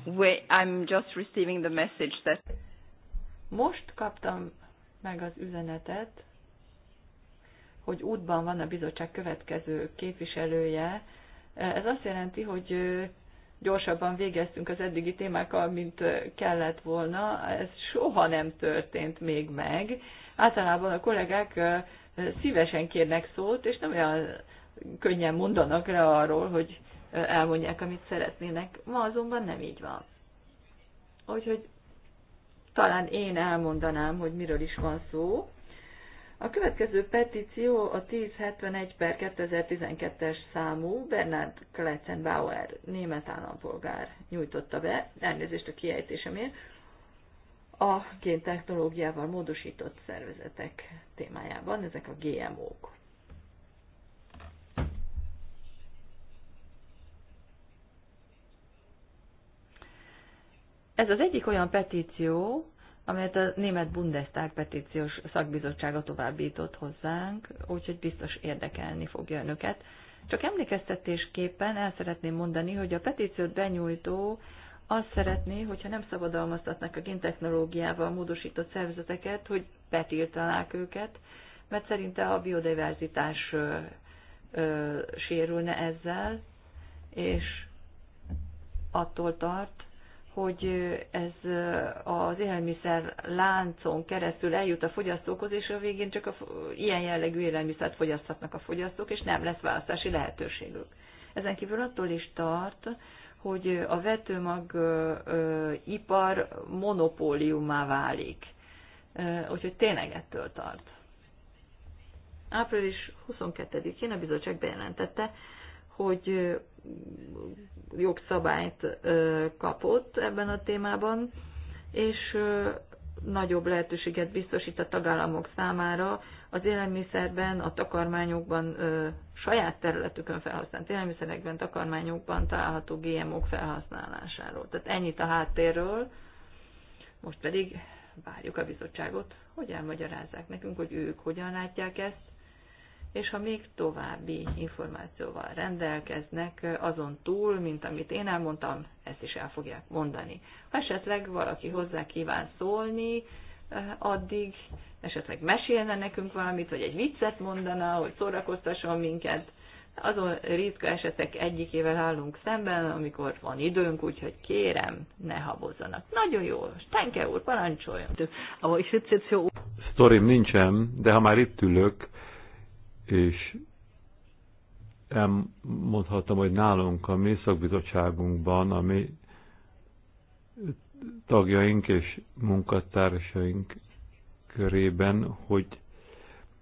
Wait, I'm just receiving the message that... Most kaptam meg az üzenetet, hogy útban van a bizottság következő képviselője. Ez azt jelenti, hogy gyorsabban végeztünk az eddigi témákkal, mint kellett volna. Ez soha nem történt még meg. Általában a kollégák szívesen kérnek szót, és nem olyan könnyen mondanak rá arról, hogy elmondják, amit szeretnének. Ma azonban nem így van. Úgyhogy talán én elmondanám, hogy miről is van szó. A következő petíció a 1071 per 2012-es számú Bernard Kletzenbauer, német állampolgár nyújtotta be, elnézést a kiejtésemért, a géntechnológiával módosított szervezetek témájában, ezek a GMO-k. Ez az egyik olyan petíció, amelyet a német Bundestag petíciós szakbizottsága továbbított hozzánk, úgyhogy biztos érdekelni fogja önöket. Csak emlékeztetésképpen el szeretném mondani, hogy a petíciót benyújtó azt szeretné, hogyha nem szabadalmaztatnak a géntechnológiával módosított szervezeteket, hogy betiltanák őket, mert szerinte a biodiverzitás ö, ö, sérülne ezzel, és attól tart, hogy ez az élelmiszer láncon keresztül eljut a fogyasztókhoz, és a végén csak a, ilyen jellegű élelmiszert fogyaszthatnak a fogyasztók, és nem lesz választási lehetőségük. Ezen kívül attól is tart, hogy a vetőmag ipar monopóliumá válik. Úgyhogy tényleg ettől tart. Április 22-én a bizottság bejelentette, hogy jogszabályt kapott ebben a témában, és nagyobb lehetőséget biztosít a tagállamok számára az élelmiszerben, a takarmányokban, saját területükön felhasznált élelmiszerekben, takarmányokban található GMO-k felhasználásáról. Tehát ennyit a háttérről, most pedig várjuk a bizottságot, hogy elmagyarázzák nekünk, hogy ők hogyan látják ezt, és ha még további információval rendelkeznek azon túl, mint amit én elmondtam, ezt is el fogják mondani. Ha esetleg valaki hozzá kíván szólni, addig esetleg mesélne nekünk valamit, vagy egy viccet mondana, hogy szórakoztasson minket. Azon ritka esetek egyikével állunk szemben, amikor van időnk, úgyhogy kérem, ne habozzanak. Nagyon jó, Stenke úr, parancsoljon. Sztorim nincsen, de ha már itt ülök, és elmondhatom, hogy nálunk a mi szakbizottságunkban, ami tagjaink és munkatársaink körében, hogy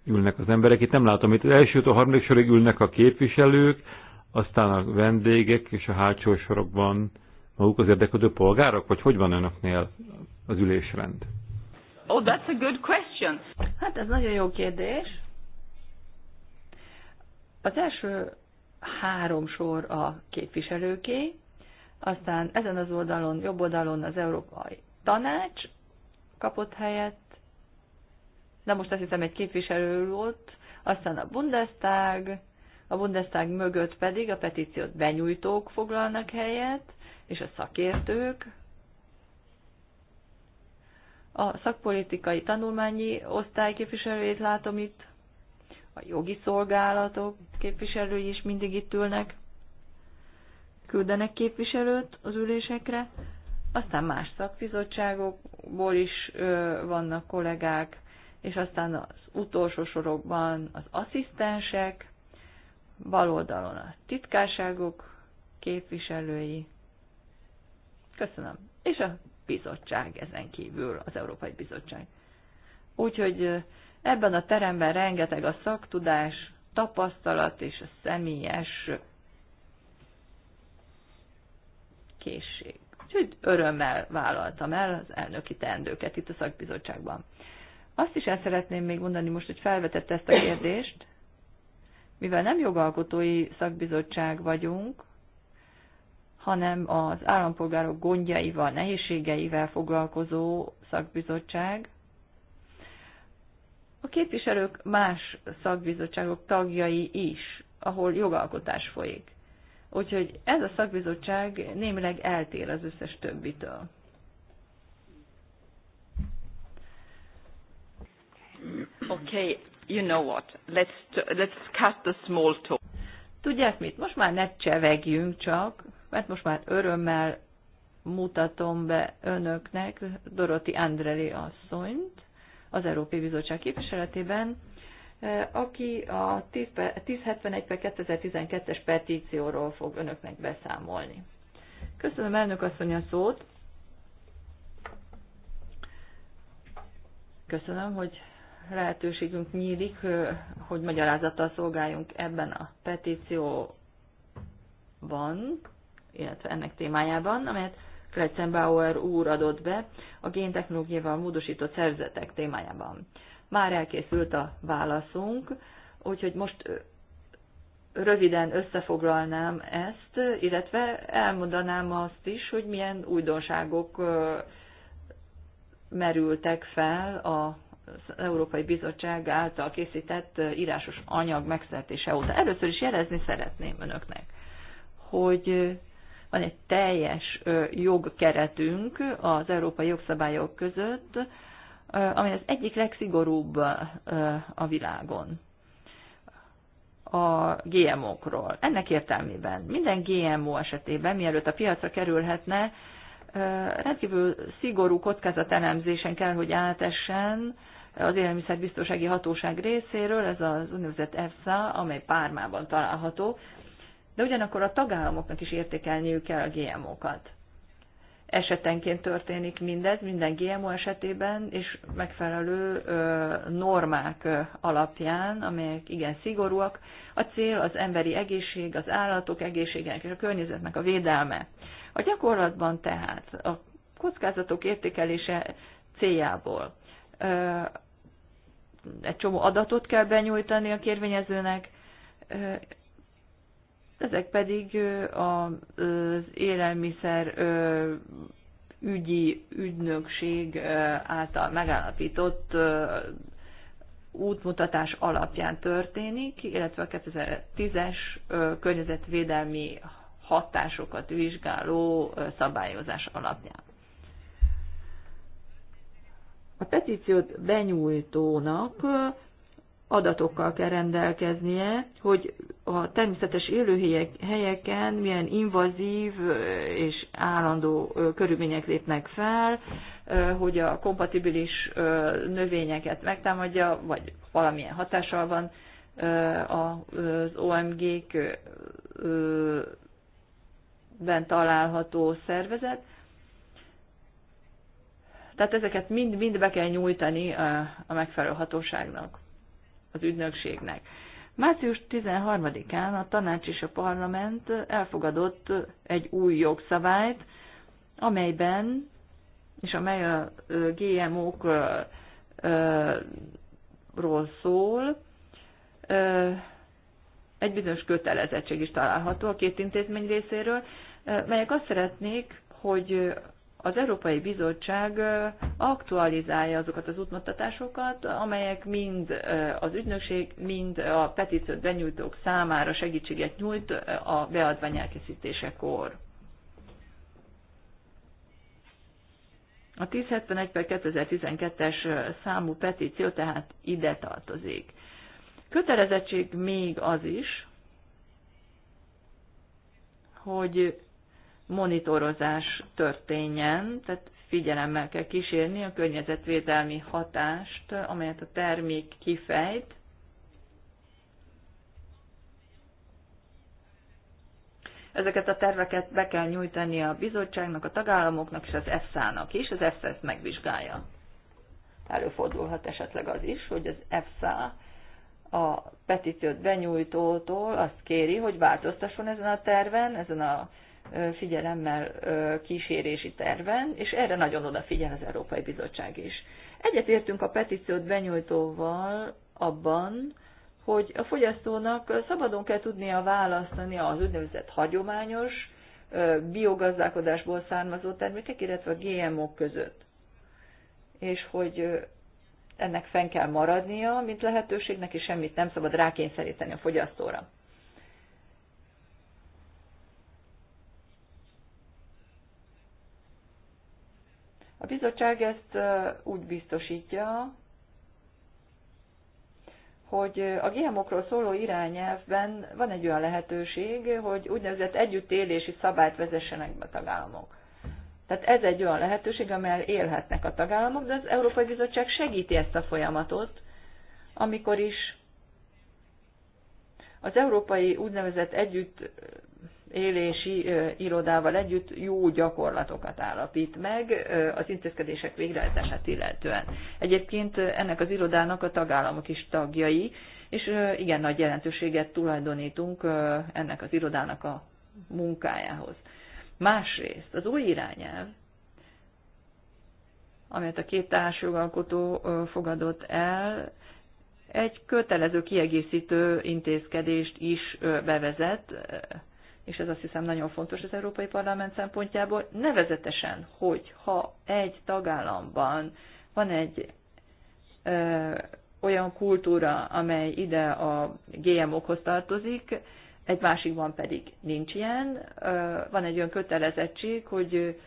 ülnek az emberek. Itt nem látom, itt az elsőtől a harmadik sorig ülnek a képviselők, aztán a vendégek és a hátsó sorokban maguk az érdeklődő polgárok, vagy hogy van önöknél az ülésrend? Oh, that's a good question. Hát ez nagyon jó kérdés. Az első három sor a képviselőké, aztán ezen az oldalon, jobb oldalon az Európai Tanács kapott helyet, de most azt hiszem egy képviselő volt, aztán a Bundestag, a Bundestag mögött pedig a petíciót benyújtók foglalnak helyet, és a szakértők. A szakpolitikai tanulmányi osztály képviselőjét látom itt, a jogi szolgálatok képviselői is mindig itt ülnek, küldenek képviselőt az ülésekre, aztán más szakbizottságokból is ö, vannak kollégák, és aztán az utolsó sorokban az asszisztensek, bal oldalon a titkárságok képviselői. Köszönöm. És a bizottság ezen kívül, az Európai Bizottság. Úgyhogy Ebben a teremben rengeteg a szaktudás, tapasztalat és a személyes készség. Úgyhogy örömmel vállaltam el az elnöki teendőket itt a szakbizottságban. Azt is el szeretném még mondani most, hogy felvetett ezt a kérdést, mivel nem jogalkotói szakbizottság vagyunk, hanem az állampolgárok gondjaival, nehézségeivel foglalkozó szakbizottság, a képviselők más szakbizottságok tagjai is, ahol jogalkotás folyik. Úgyhogy ez a szakbizottság némileg eltér az összes többitől. Okay, you know what? Let's, let's cut the small talk. Tudják mit? Most már ne csevegjünk csak, mert most már örömmel mutatom be önöknek Doroti Andreli asszonyt, az Európai Bizottság képviseletében, e, aki a 1071-2012-es petícióról fog önöknek beszámolni. Köszönöm elnök asszony a szót. Köszönöm, hogy lehetőségünk nyílik, e, hogy magyarázattal szolgáljunk ebben a petícióban, illetve ennek témájában, amelyet Kretzenbauer úr adott be a géntechnológiával módosított szerzetek témájában. Már elkészült a válaszunk, úgyhogy most röviden összefoglalnám ezt, illetve elmondanám azt is, hogy milyen újdonságok merültek fel a az Európai Bizottság által készített írásos anyag megszertése óta. Először is jelezni szeretném önöknek, hogy van egy teljes jogkeretünk az európai jogszabályok között, amely az egyik legszigorúbb a világon a GMO-król. Ennek értelmében minden GMO esetében, mielőtt a piacra kerülhetne, rendkívül szigorú kockázatelemzésen kell, hogy átessen az Élelmiszerbiztonsági Hatóság részéről, ez az úgynevezett EFSA, amely Pármában található, de ugyanakkor a tagállamoknak is értékelniük kell a GMO-kat. Esetenként történik mindez, minden GMO esetében, és megfelelő normák alapján, amelyek igen szigorúak. A cél az emberi egészség, az állatok egészségének és a környezetnek a védelme. A gyakorlatban tehát a kockázatok értékelése céljából egy csomó adatot kell benyújtani a kérvényezőnek, ezek pedig az élelmiszer ügyi ügynökség által megállapított útmutatás alapján történik, illetve a 2010-es környezetvédelmi hatásokat vizsgáló szabályozás alapján. A petíciót benyújtónak adatokkal kell rendelkeznie, hogy a természetes élőhelyek helyeken milyen invazív és állandó körülmények lépnek fel, hogy a kompatibilis növényeket megtámadja, vagy valamilyen hatással van az OMG-k ben található szervezet. Tehát ezeket mind-mind be kell nyújtani a megfelelő hatóságnak az ügynökségnek. Március 13-án a tanács és a parlament elfogadott egy új jogszabályt, amelyben, és amely a GMO-król szól, egy bizonyos kötelezettség is található a két intézmény részéről, melyek azt szeretnék, hogy az Európai Bizottság aktualizálja azokat az útmutatásokat, amelyek mind az ügynökség, mind a petíciót benyújtók számára segítséget nyújt a beadvány elkészítésekor. A 1071 per 2012-es számú petíció tehát ide tartozik. Kötelezettség még az is, hogy monitorozás történjen, tehát figyelemmel kell kísérni a környezetvédelmi hatást, amelyet a termék kifejt. Ezeket a terveket be kell nyújtani a bizottságnak, a tagállamoknak és az EFSA-nak is, az EFSA ezt megvizsgálja. Előfordulhat esetleg az is, hogy az EFSA a petíciót benyújtótól azt kéri, hogy változtasson ezen a terven, ezen a figyelemmel kísérési terven, és erre nagyon odafigyel az Európai Bizottság is. Egyetértünk a petíciót benyújtóval abban, hogy a fogyasztónak szabadon kell tudnia választani az úgynevezett hagyományos biogazdálkodásból származó termékek, illetve a GMO-k között. És hogy ennek fenn kell maradnia, mint lehetőségnek, és semmit nem szabad rákényszeríteni a fogyasztóra. A bizottság ezt úgy biztosítja, hogy a GMO-król szóló irányelvben van egy olyan lehetőség, hogy úgynevezett együttélési szabályt vezessenek be a tagállamok. Tehát ez egy olyan lehetőség, amely élhetnek a tagállamok, de az Európai Bizottság segíti ezt a folyamatot, amikor is az európai úgynevezett együtt élési irodával együtt jó gyakorlatokat állapít meg az intézkedések végrehajtását illetően. Egyébként ennek az irodának a tagállamok is tagjai, és igen nagy jelentőséget tulajdonítunk ennek az irodának a munkájához. Másrészt az új irányelv, amelyet a két társjogalkotó fogadott el, egy kötelező kiegészítő intézkedést is bevezet, és ez azt hiszem nagyon fontos az Európai Parlament szempontjából, nevezetesen, hogy ha egy tagállamban van egy ö, olyan kultúra, amely ide a GMO-khoz tartozik, egy másikban pedig nincs ilyen, ö, van egy olyan kötelezettség, hogy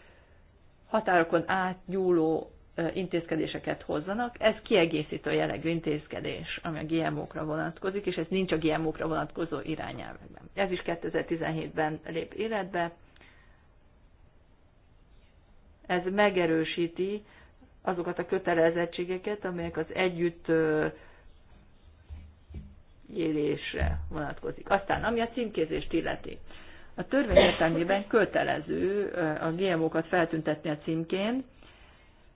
határokon átnyúló intézkedéseket hozzanak. Ez kiegészítő jellegű intézkedés, ami a GMO-kra vonatkozik, és ez nincs a GMO-kra vonatkozó irányelvekben. Ez is 2017-ben lép életbe. Ez megerősíti azokat a kötelezettségeket, amelyek az együtt élésre vonatkozik. Aztán, ami a címkézést illeti. A törvény értelmében kötelező a GMO-kat feltüntetni a címként,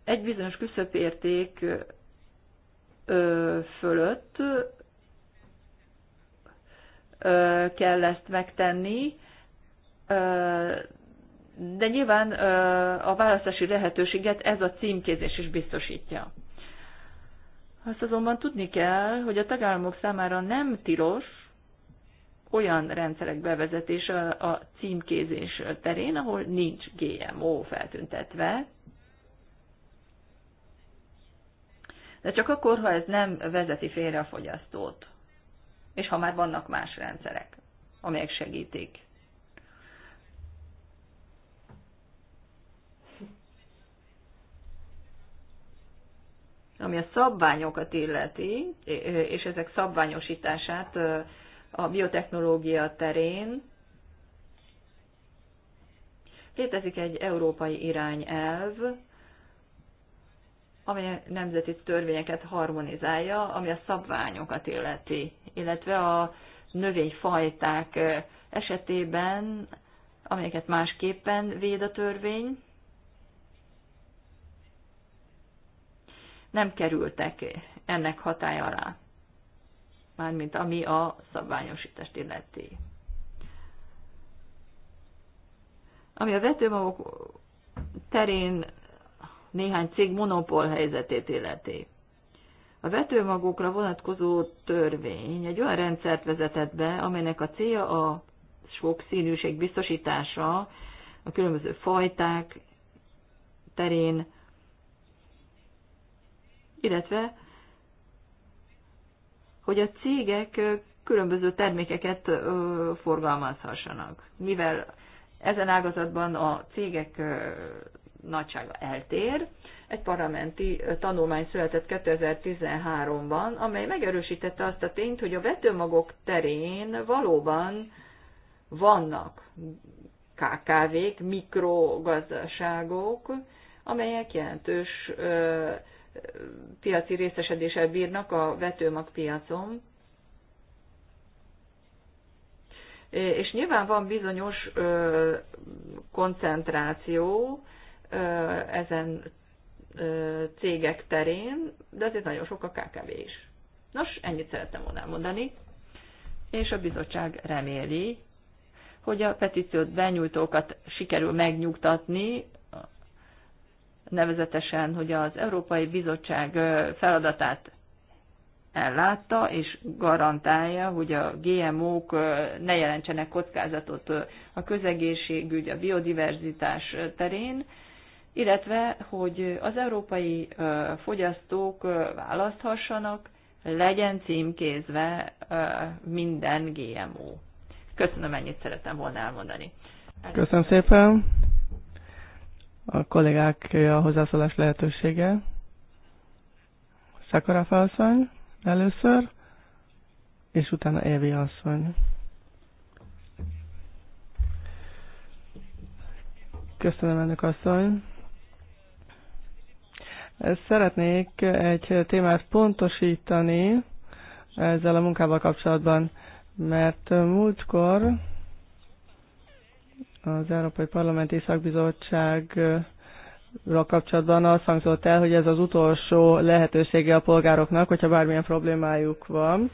egy bizonyos küszöbérték fölött kell ezt megtenni, de nyilván a választási lehetőséget ez a címkézés is biztosítja. Azt azonban tudni kell, hogy a tagállamok számára nem tilos olyan rendszerek bevezetése a címkézés terén, ahol nincs GMO feltüntetve, de csak akkor, ha ez nem vezeti félre a fogyasztót, és ha már vannak más rendszerek, amelyek segítik. Ami a szabványokat illeti, és ezek szabványosítását a biotechnológia terén, létezik egy európai irányelv, ami a nemzeti törvényeket harmonizálja, ami a szabványokat illeti, illetve a növényfajták esetében, amelyeket másképpen véd a törvény, nem kerültek ennek hatája alá, mármint ami a szabványosítást illeti. Ami a vetőmagok terén néhány cég monopól helyzetét illeti. A vetőmagokra vonatkozó törvény egy olyan rendszert vezetett be, amelynek a célja a sok színűség biztosítása a különböző fajták terén, illetve hogy a cégek különböző termékeket forgalmazhassanak. Mivel ezen ágazatban a cégek nagysága eltér. Egy parlamenti tanulmány született 2013-ban, amely megerősítette azt a tényt, hogy a vetőmagok terén valóban vannak KKV-k, mikrogazdaságok, amelyek jelentős ö, piaci részesedéssel bírnak a vetőmag piacon. És nyilván van bizonyos ö, koncentráció, ezen cégek terén, de azért nagyon sok a KKV is. Nos, ennyit szerettem volna elmondani, és a bizottság reméli, hogy a petíciót benyújtókat sikerül megnyugtatni, nevezetesen, hogy az Európai Bizottság feladatát ellátta, és garantálja, hogy a GMO-k ne jelentsenek kockázatot a közegészségügy, a biodiverzitás terén, illetve hogy az európai fogyasztók választhassanak, legyen címkézve minden GMO. Köszönöm, ennyit szerettem volna elmondani. Köszönöm szépen. A kollégák a hozzászólás lehetősége. Szakora felszony először, és utána Évi asszony. Köszönöm, ennek asszony. Szeretnék egy témát pontosítani ezzel a munkával kapcsolatban, mert múltkor az Európai Parlamenti Szakbizottság kapcsolatban azt hangzott el, hogy ez az utolsó lehetősége a polgároknak, hogyha bármilyen problémájuk van,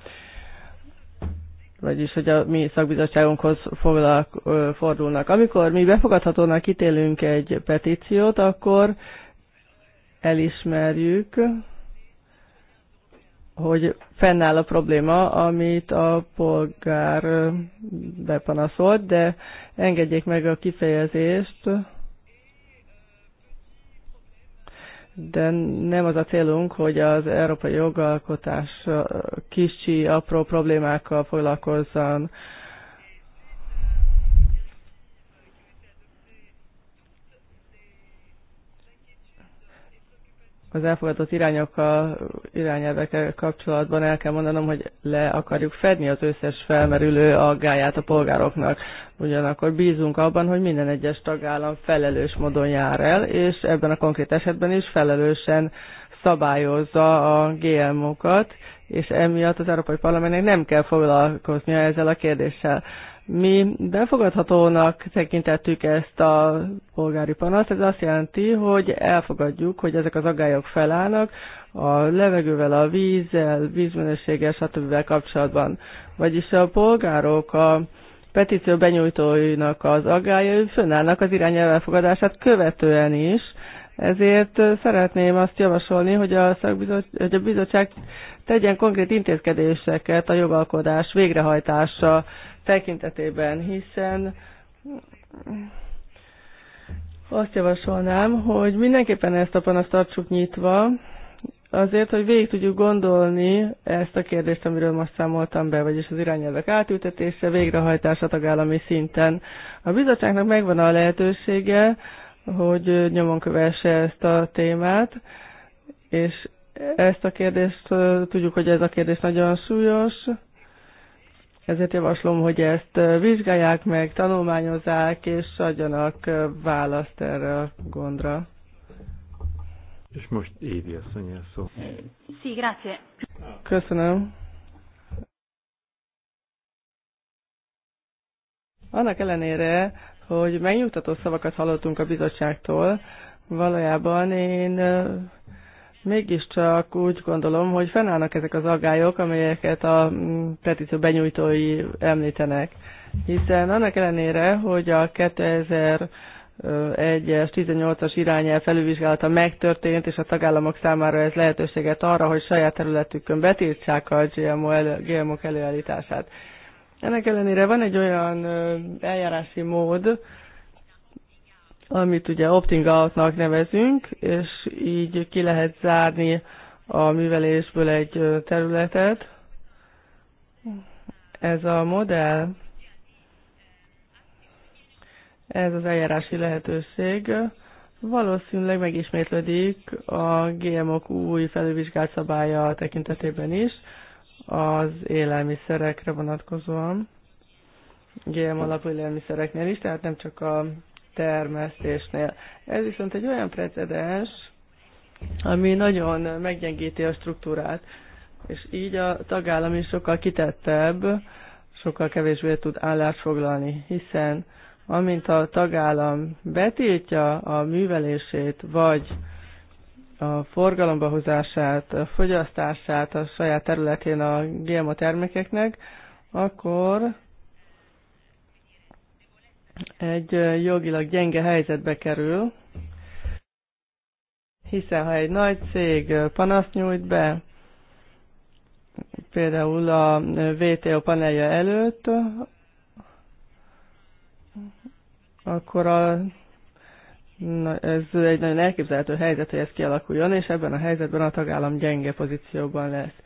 vagyis hogy a mi szakbizottságunkhoz foglalk, fordulnak. Amikor mi befogadhatónak ítélünk egy petíciót, akkor elismerjük, hogy fennáll a probléma, amit a polgár bepanaszolt, de engedjék meg a kifejezést, de nem az a célunk, hogy az európai jogalkotás kicsi, apró problémákkal foglalkozzon. az elfogadott irányokkal, irányelvekkel kapcsolatban el kell mondanom, hogy le akarjuk fedni az összes felmerülő aggáját a polgároknak. Ugyanakkor bízunk abban, hogy minden egyes tagállam felelős módon jár el, és ebben a konkrét esetben is felelősen szabályozza a GMO-kat, és emiatt az Európai Parlamentnek nem kell foglalkoznia ezzel a kérdéssel. Mi befogadhatónak tekintettük ezt a polgári panaszt, ez azt jelenti, hogy elfogadjuk, hogy ezek az agályok felállnak a levegővel, a vízzel, vízminőséggel, stb. kapcsolatban. Vagyis a polgárok a petíció benyújtóinak az aggályai fönnállnak az irányelv elfogadását követően is, ezért szeretném azt javasolni, hogy a, hogy a bizottság tegyen konkrét intézkedéseket a jogalkodás végrehajtása tekintetében, hiszen azt javasolnám, hogy mindenképpen ezt a panaszt tartsuk nyitva, azért, hogy végig tudjuk gondolni ezt a kérdést, amiről most számoltam be, vagyis az irányelvek átültetése, végrehajtása tagállami szinten. A bizottságnak megvan a lehetősége, hogy nyomon kövesse ezt a témát, és ezt a kérdést tudjuk, hogy ez a kérdés nagyon súlyos, ezért javaslom, hogy ezt vizsgálják meg, tanulmányozzák, és adjanak választ erre a gondra. És most Évi a szó. Sí, grazie. Köszönöm. Annak ellenére, hogy megnyugtató szavakat hallottunk a bizottságtól, valójában én mégiscsak úgy gondolom, hogy fennállnak ezek az aggályok, amelyeket a mm, petíció benyújtói említenek. Hiszen annak ellenére, hogy a 2000 es 18-as irányel felülvizsgálata megtörtént, és a tagállamok számára ez lehetőséget arra, hogy saját területükön betiltsák a GMO elő, GMO-k előállítását. Ennek ellenére van egy olyan eljárási mód, amit ugye opting outnak nevezünk, és így ki lehet zárni a művelésből egy területet. Ez a modell, ez az eljárási lehetőség valószínűleg megismétlődik a GMO-k új felülvizsgált szabálya tekintetében is, az élelmiszerekre vonatkozóan, GM alapú élelmiszereknél is, tehát nem csak a termesztésnél. Ez viszont egy olyan precedens, ami nagyon meggyengíti a struktúrát, és így a tagállam is sokkal kitettebb, sokkal kevésbé tud állást foglalni, hiszen amint a tagállam betiltja a művelését, vagy a forgalomba hozását, a fogyasztását a saját területén a GMO termékeknek, akkor egy jogilag gyenge helyzetbe kerül, hiszen ha egy nagy cég panaszt nyújt be, például a VTO panelje előtt, akkor a, na, ez egy nagyon elképzelhető helyzet, hogy ez kialakuljon, és ebben a helyzetben a tagállam gyenge pozícióban lesz.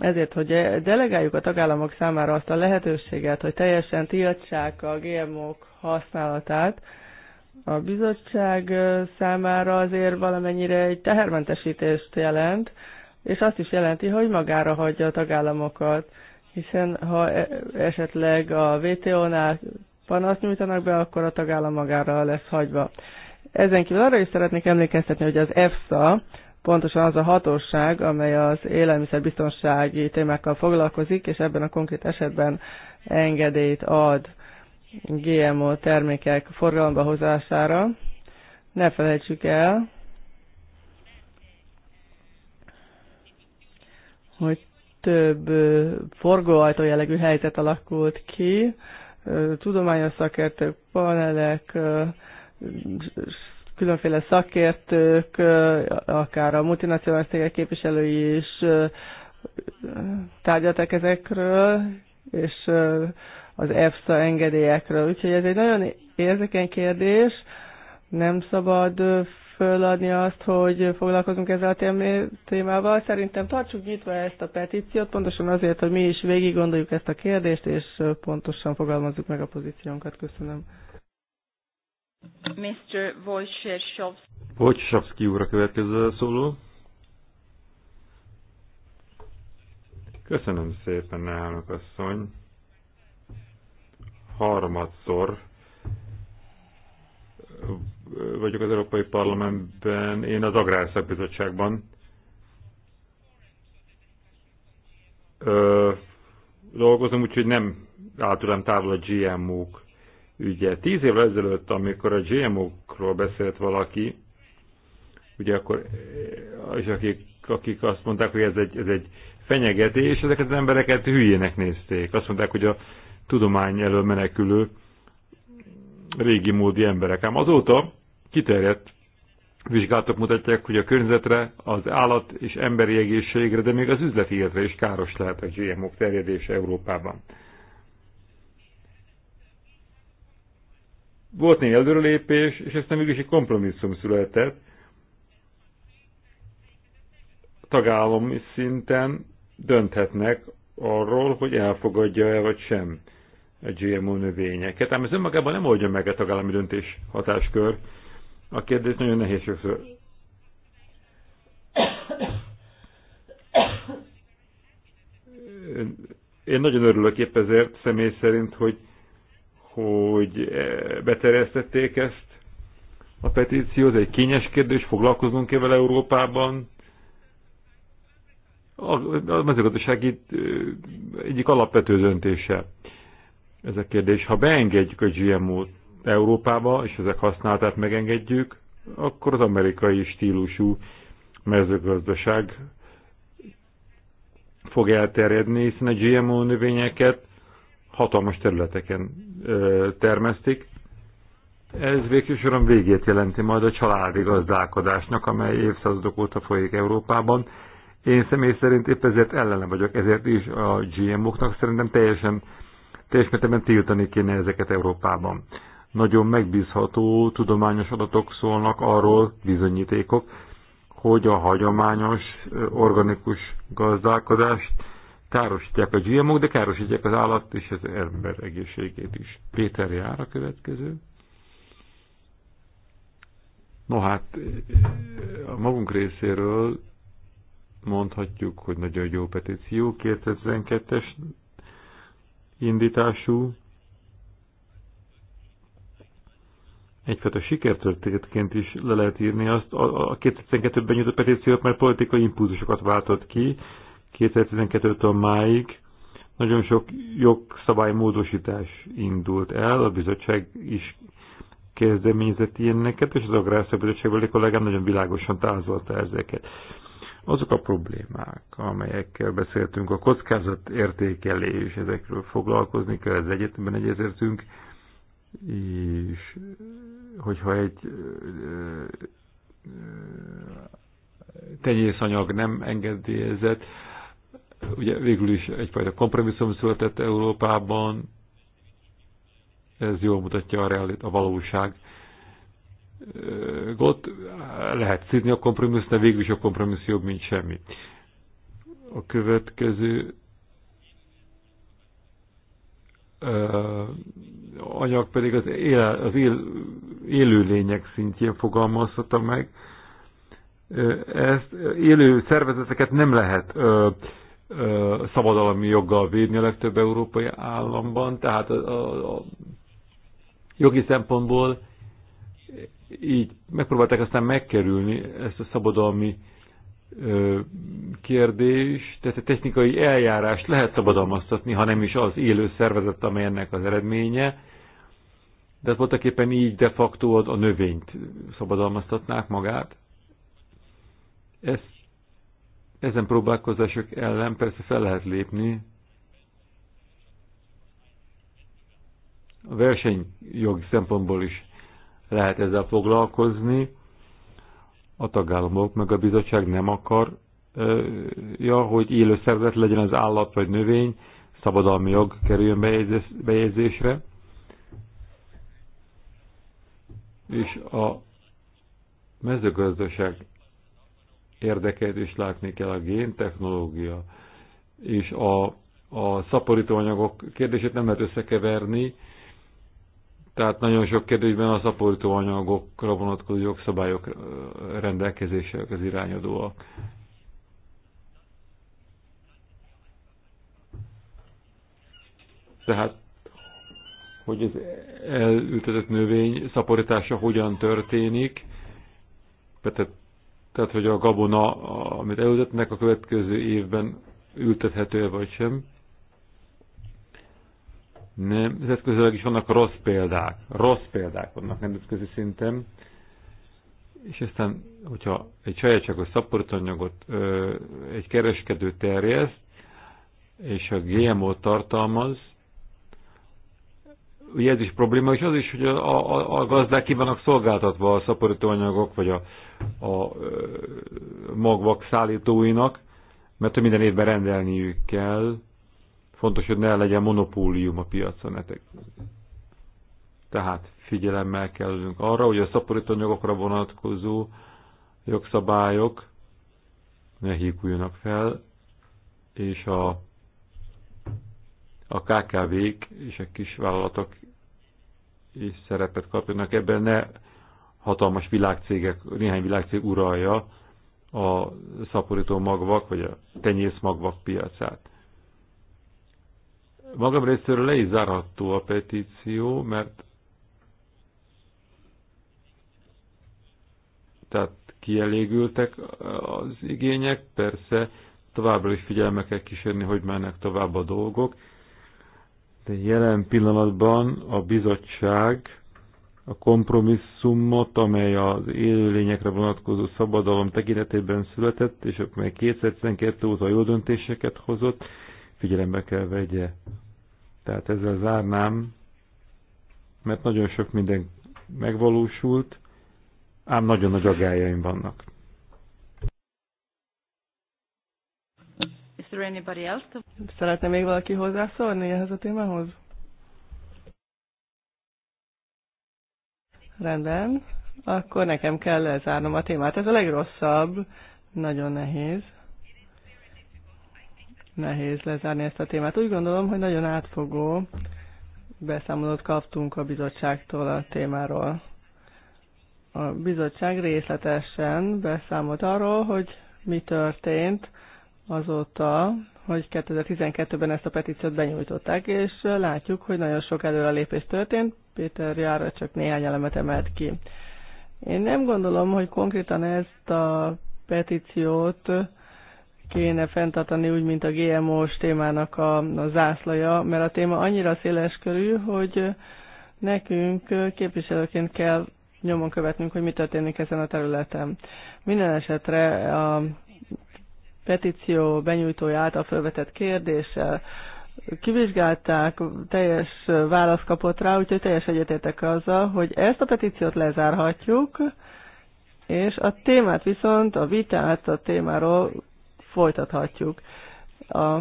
Ezért, hogy e- delegáljuk a tagállamok számára azt a lehetőséget, hogy teljesen tiltsák a GMO-k használatát, a bizottság számára azért valamennyire egy tehermentesítést jelent, és azt is jelenti, hogy magára hagyja a tagállamokat, hiszen ha e- esetleg a WTO-nál panaszt nyújtanak be, akkor a tagállam magára lesz hagyva. Ezen kívül arra is szeretnék emlékeztetni, hogy az EFSA, pontosan az a hatóság, amely az élelmiszerbiztonsági témákkal foglalkozik, és ebben a konkrét esetben engedélyt ad GMO termékek forgalomba hozására. Ne felejtsük el, hogy több forgóajtó jellegű helyzet alakult ki, tudományos szakértők, panelek, különféle szakértők, akár a multinacionális cégek képviselői is tárgyaltak ezekről, és az EFSA engedélyekről. Úgyhogy ez egy nagyon érzékeny kérdés, nem szabad föladni azt, hogy foglalkozunk ezzel a témával. Szerintem tartsuk nyitva ezt a petíciót, pontosan azért, hogy mi is végig gondoljuk ezt a kérdést, és pontosan fogalmazzuk meg a pozíciónkat. Köszönöm. Mr. Wojciechowski. úr a következő szóló. Köszönöm szépen, elnök asszony. Harmadszor vagyok az Európai Parlamentben, én az Agrárszakbizottságban. dolgozom, úgyhogy nem általán távol a GMO-k ügye. Tíz évvel ezelőtt, amikor a GMO-król beszélt valaki, ugye akkor, és akik, akik azt mondták, hogy ez egy, ez egy fenyegetés, ezeket az embereket hülyének nézték. Azt mondták, hogy a tudomány elől menekülő régi módi emberek. Ám azóta kiterjedt vizsgálatok mutatják, hogy a környezetre, az állat és emberi egészségre, de még az üzleti életre is káros lehet a GMO-k terjedése Európában. Volt néhány előrelépés, és aztán mégis egy kompromisszum született. Tagállami szinten dönthetnek arról, hogy elfogadja-e vagy sem a GMO növényeket. Ám ez önmagában nem oldja meg a tagállami döntés hatáskör. A kérdés nagyon nehéz sokszor. Én nagyon örülök épp ezért személy szerint, hogy hogy eh, beterjesztették ezt a petíciót, egy kényes kérdés, foglalkozunk-e vele Európában. A, a mezőgazdaság itt eh, egyik alapvető döntése ez a kérdés. Ha beengedjük a GMO-t Európába, és ezek használatát megengedjük, akkor az amerikai stílusú mezőgazdaság fog elterjedni, hiszen a GMO növényeket hatalmas területeken termesztik. Ez végsősoron végét jelenti majd a családi gazdálkodásnak, amely évszázadok óta folyik Európában. Én személy szerint épp ezért ellene vagyok, ezért is a GMO-knak szerintem teljesen teljes mértékben tiltani kéne ezeket Európában. Nagyon megbízható tudományos adatok szólnak arról, bizonyítékok, hogy a hagyományos organikus gazdálkodást károsítják a gmo de károsítják az állat és az ember egészségét is. Péter jár a következő. No hát, a magunk részéről mondhatjuk, hogy nagyon jó petíció, 2012-es indítású, egyfajta sikertörténetként is le lehet írni azt, a, 2012-ben nyújtott petíciót mert politikai impulzusokat váltott ki, 2012-től máig nagyon sok jogszabálymódosítás indult el, a bizottság is kezdeményezett ilyeneket, és az Agrárszabadságból kollégám nagyon világosan tázolta ezeket. Azok a problémák, amelyekkel beszéltünk, a kockázat értékelés, ezekről foglalkozni kell, ez egyetemben egyezértünk, és hogyha egy tenyészanyag nem engedélyezett, Ugye végül is egyfajta kompromisszum született Európában, ez jól mutatja a, realit, a valóság. Gott, lehet szidni a kompromisszum, de végül is a kompromisszum jobb, mint semmi. A következő anyag pedig az, él, az él, élőlények szintjén fogalmazhatta meg. Ezt élő szervezeteket nem lehet szabadalmi joggal védni a legtöbb európai államban, tehát a, a, a jogi szempontból így megpróbálták aztán megkerülni ezt a szabadalmi ö, kérdést, tehát a technikai eljárást lehet szabadalmaztatni, ha nem is az élő szervezet, amely ennek az eredménye, de hát voltak éppen így de facto a növényt szabadalmaztatnák magát. Ezt ezen próbálkozások ellen persze fel lehet lépni. A versenyjogi szempontból is lehet ezzel foglalkozni. A tagállamok meg a bizottság nem akarja, hogy élő szervezet legyen az állat vagy növény, szabadalmi jog kerüljön bejegyzésre. És a mezőgazdaság érdeket is látni kell a géntechnológia, és a, a szaporítóanyagok kérdését nem lehet összekeverni, tehát nagyon sok kérdésben a szaporítóanyagokra vonatkozó jogszabályok rendelkezések az irányadóak. Tehát, hogy az elültetett növény szaporítása hogyan történik, tehát tehát hogy a gabona, amit előzetnek a következő évben ültethető vagy sem. Nem, nemzetközileg is vannak rossz példák. Rossz példák vannak nemzetközi szinten. És aztán, hogyha egy sajátságos szaporítanyagot egy kereskedő terjeszt, és a GMO tartalmaz, ugye ez is probléma, és az is, hogy a, a, a gazdák ki vannak szolgáltatva a szaporítóanyagok, vagy a, a, a magvak szállítóinak, mert hogy minden évben rendelniük kell. Fontos, hogy ne legyen monopólium a piacon. Tehát figyelemmel kellünk arra, hogy a szaporítóanyagokra vonatkozó jogszabályok ne híguljanak fel, és a a KKV-k és a kisvállalatok is szerepet kapjanak ebben, ne hatalmas világcégek, néhány világcég uralja a szaporító magvak, vagy a tenyész magvak piacát. Magam részéről le is zárható a petíció, mert tehát kielégültek az igények, persze továbbra is figyelme kell kísérni, hogy mennek tovább a dolgok, de jelen pillanatban a bizottság a kompromisszumot, amely az élőlényekre vonatkozó szabadalom tekintetében született, és amely 2012 óta jó döntéseket hozott, figyelembe kell vegye. Tehát ezzel zárnám, mert nagyon sok minden megvalósult, ám nagyon nagy agályaim vannak. there anybody else? Szeretne még valaki hozzászólni ehhez a témához? Rendben. Akkor nekem kell lezárnom a témát. Ez a legrosszabb. Nagyon nehéz. Nehéz lezárni ezt a témát. Úgy gondolom, hogy nagyon átfogó beszámolót kaptunk a bizottságtól a témáról. A bizottság részletesen beszámolt arról, hogy mi történt azóta, hogy 2012-ben ezt a petíciót benyújtották, és látjuk, hogy nagyon sok előrelépés történt. Péter Jára csak néhány elemet emelt ki. Én nem gondolom, hogy konkrétan ezt a petíciót kéne fenntartani úgy, mint a GMO-s témának a, a zászlaja, mert a téma annyira széles körű, hogy nekünk képviselőként kell nyomon követnünk, hogy mi történik ezen a területen. Minden esetre a petíció benyújtója által felvetett kérdéssel kivizsgálták, teljes választ kapott rá, úgyhogy teljes egyetértek azzal, hogy ezt a petíciót lezárhatjuk, és a témát viszont, a vitát a témáról folytathatjuk. A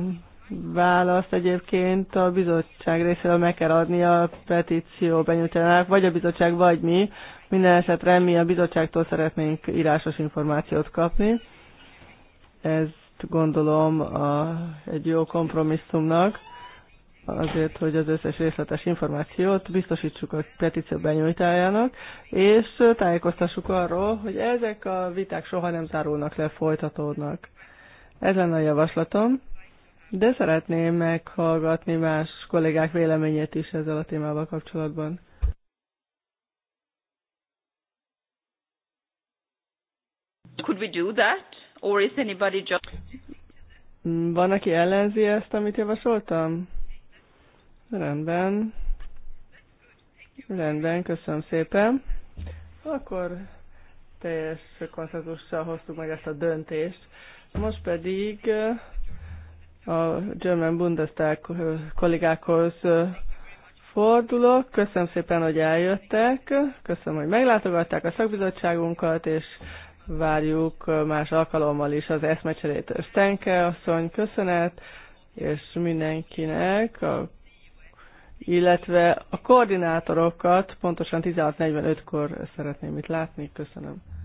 választ egyébként a bizottság részéről meg kell adni a petíció benyújtanának, vagy a bizottság, vagy mi. Minden esetre mi a bizottságtól szeretnénk írásos információt kapni. Ezt gondolom a, egy jó kompromisszumnak, azért, hogy az összes részletes információt biztosítsuk a petíció benyújtájának, és tájékoztassuk arról, hogy ezek a viták soha nem zárulnak le, folytatódnak. Ez lenne a javaslatom, de szeretném meghallgatni más kollégák véleményét is ezzel a témával kapcsolatban. Could we do that? Or is anybody just... Van, aki ellenzi ezt, amit javasoltam? Rendben. Rendben, köszönöm szépen. Akkor teljes konszenzussal hoztuk meg ezt a döntést. Most pedig eh, a German Bundestag kollégákhoz eh, fordulok. Köszönöm szépen, hogy eljöttek. Köszönöm, hogy meglátogatták a szakbizottságunkat, és várjuk más alkalommal is az eszmecserét. Stenke asszony, köszönet, és mindenkinek, a, illetve a koordinátorokat pontosan 16.45-kor szeretném itt látni. Köszönöm.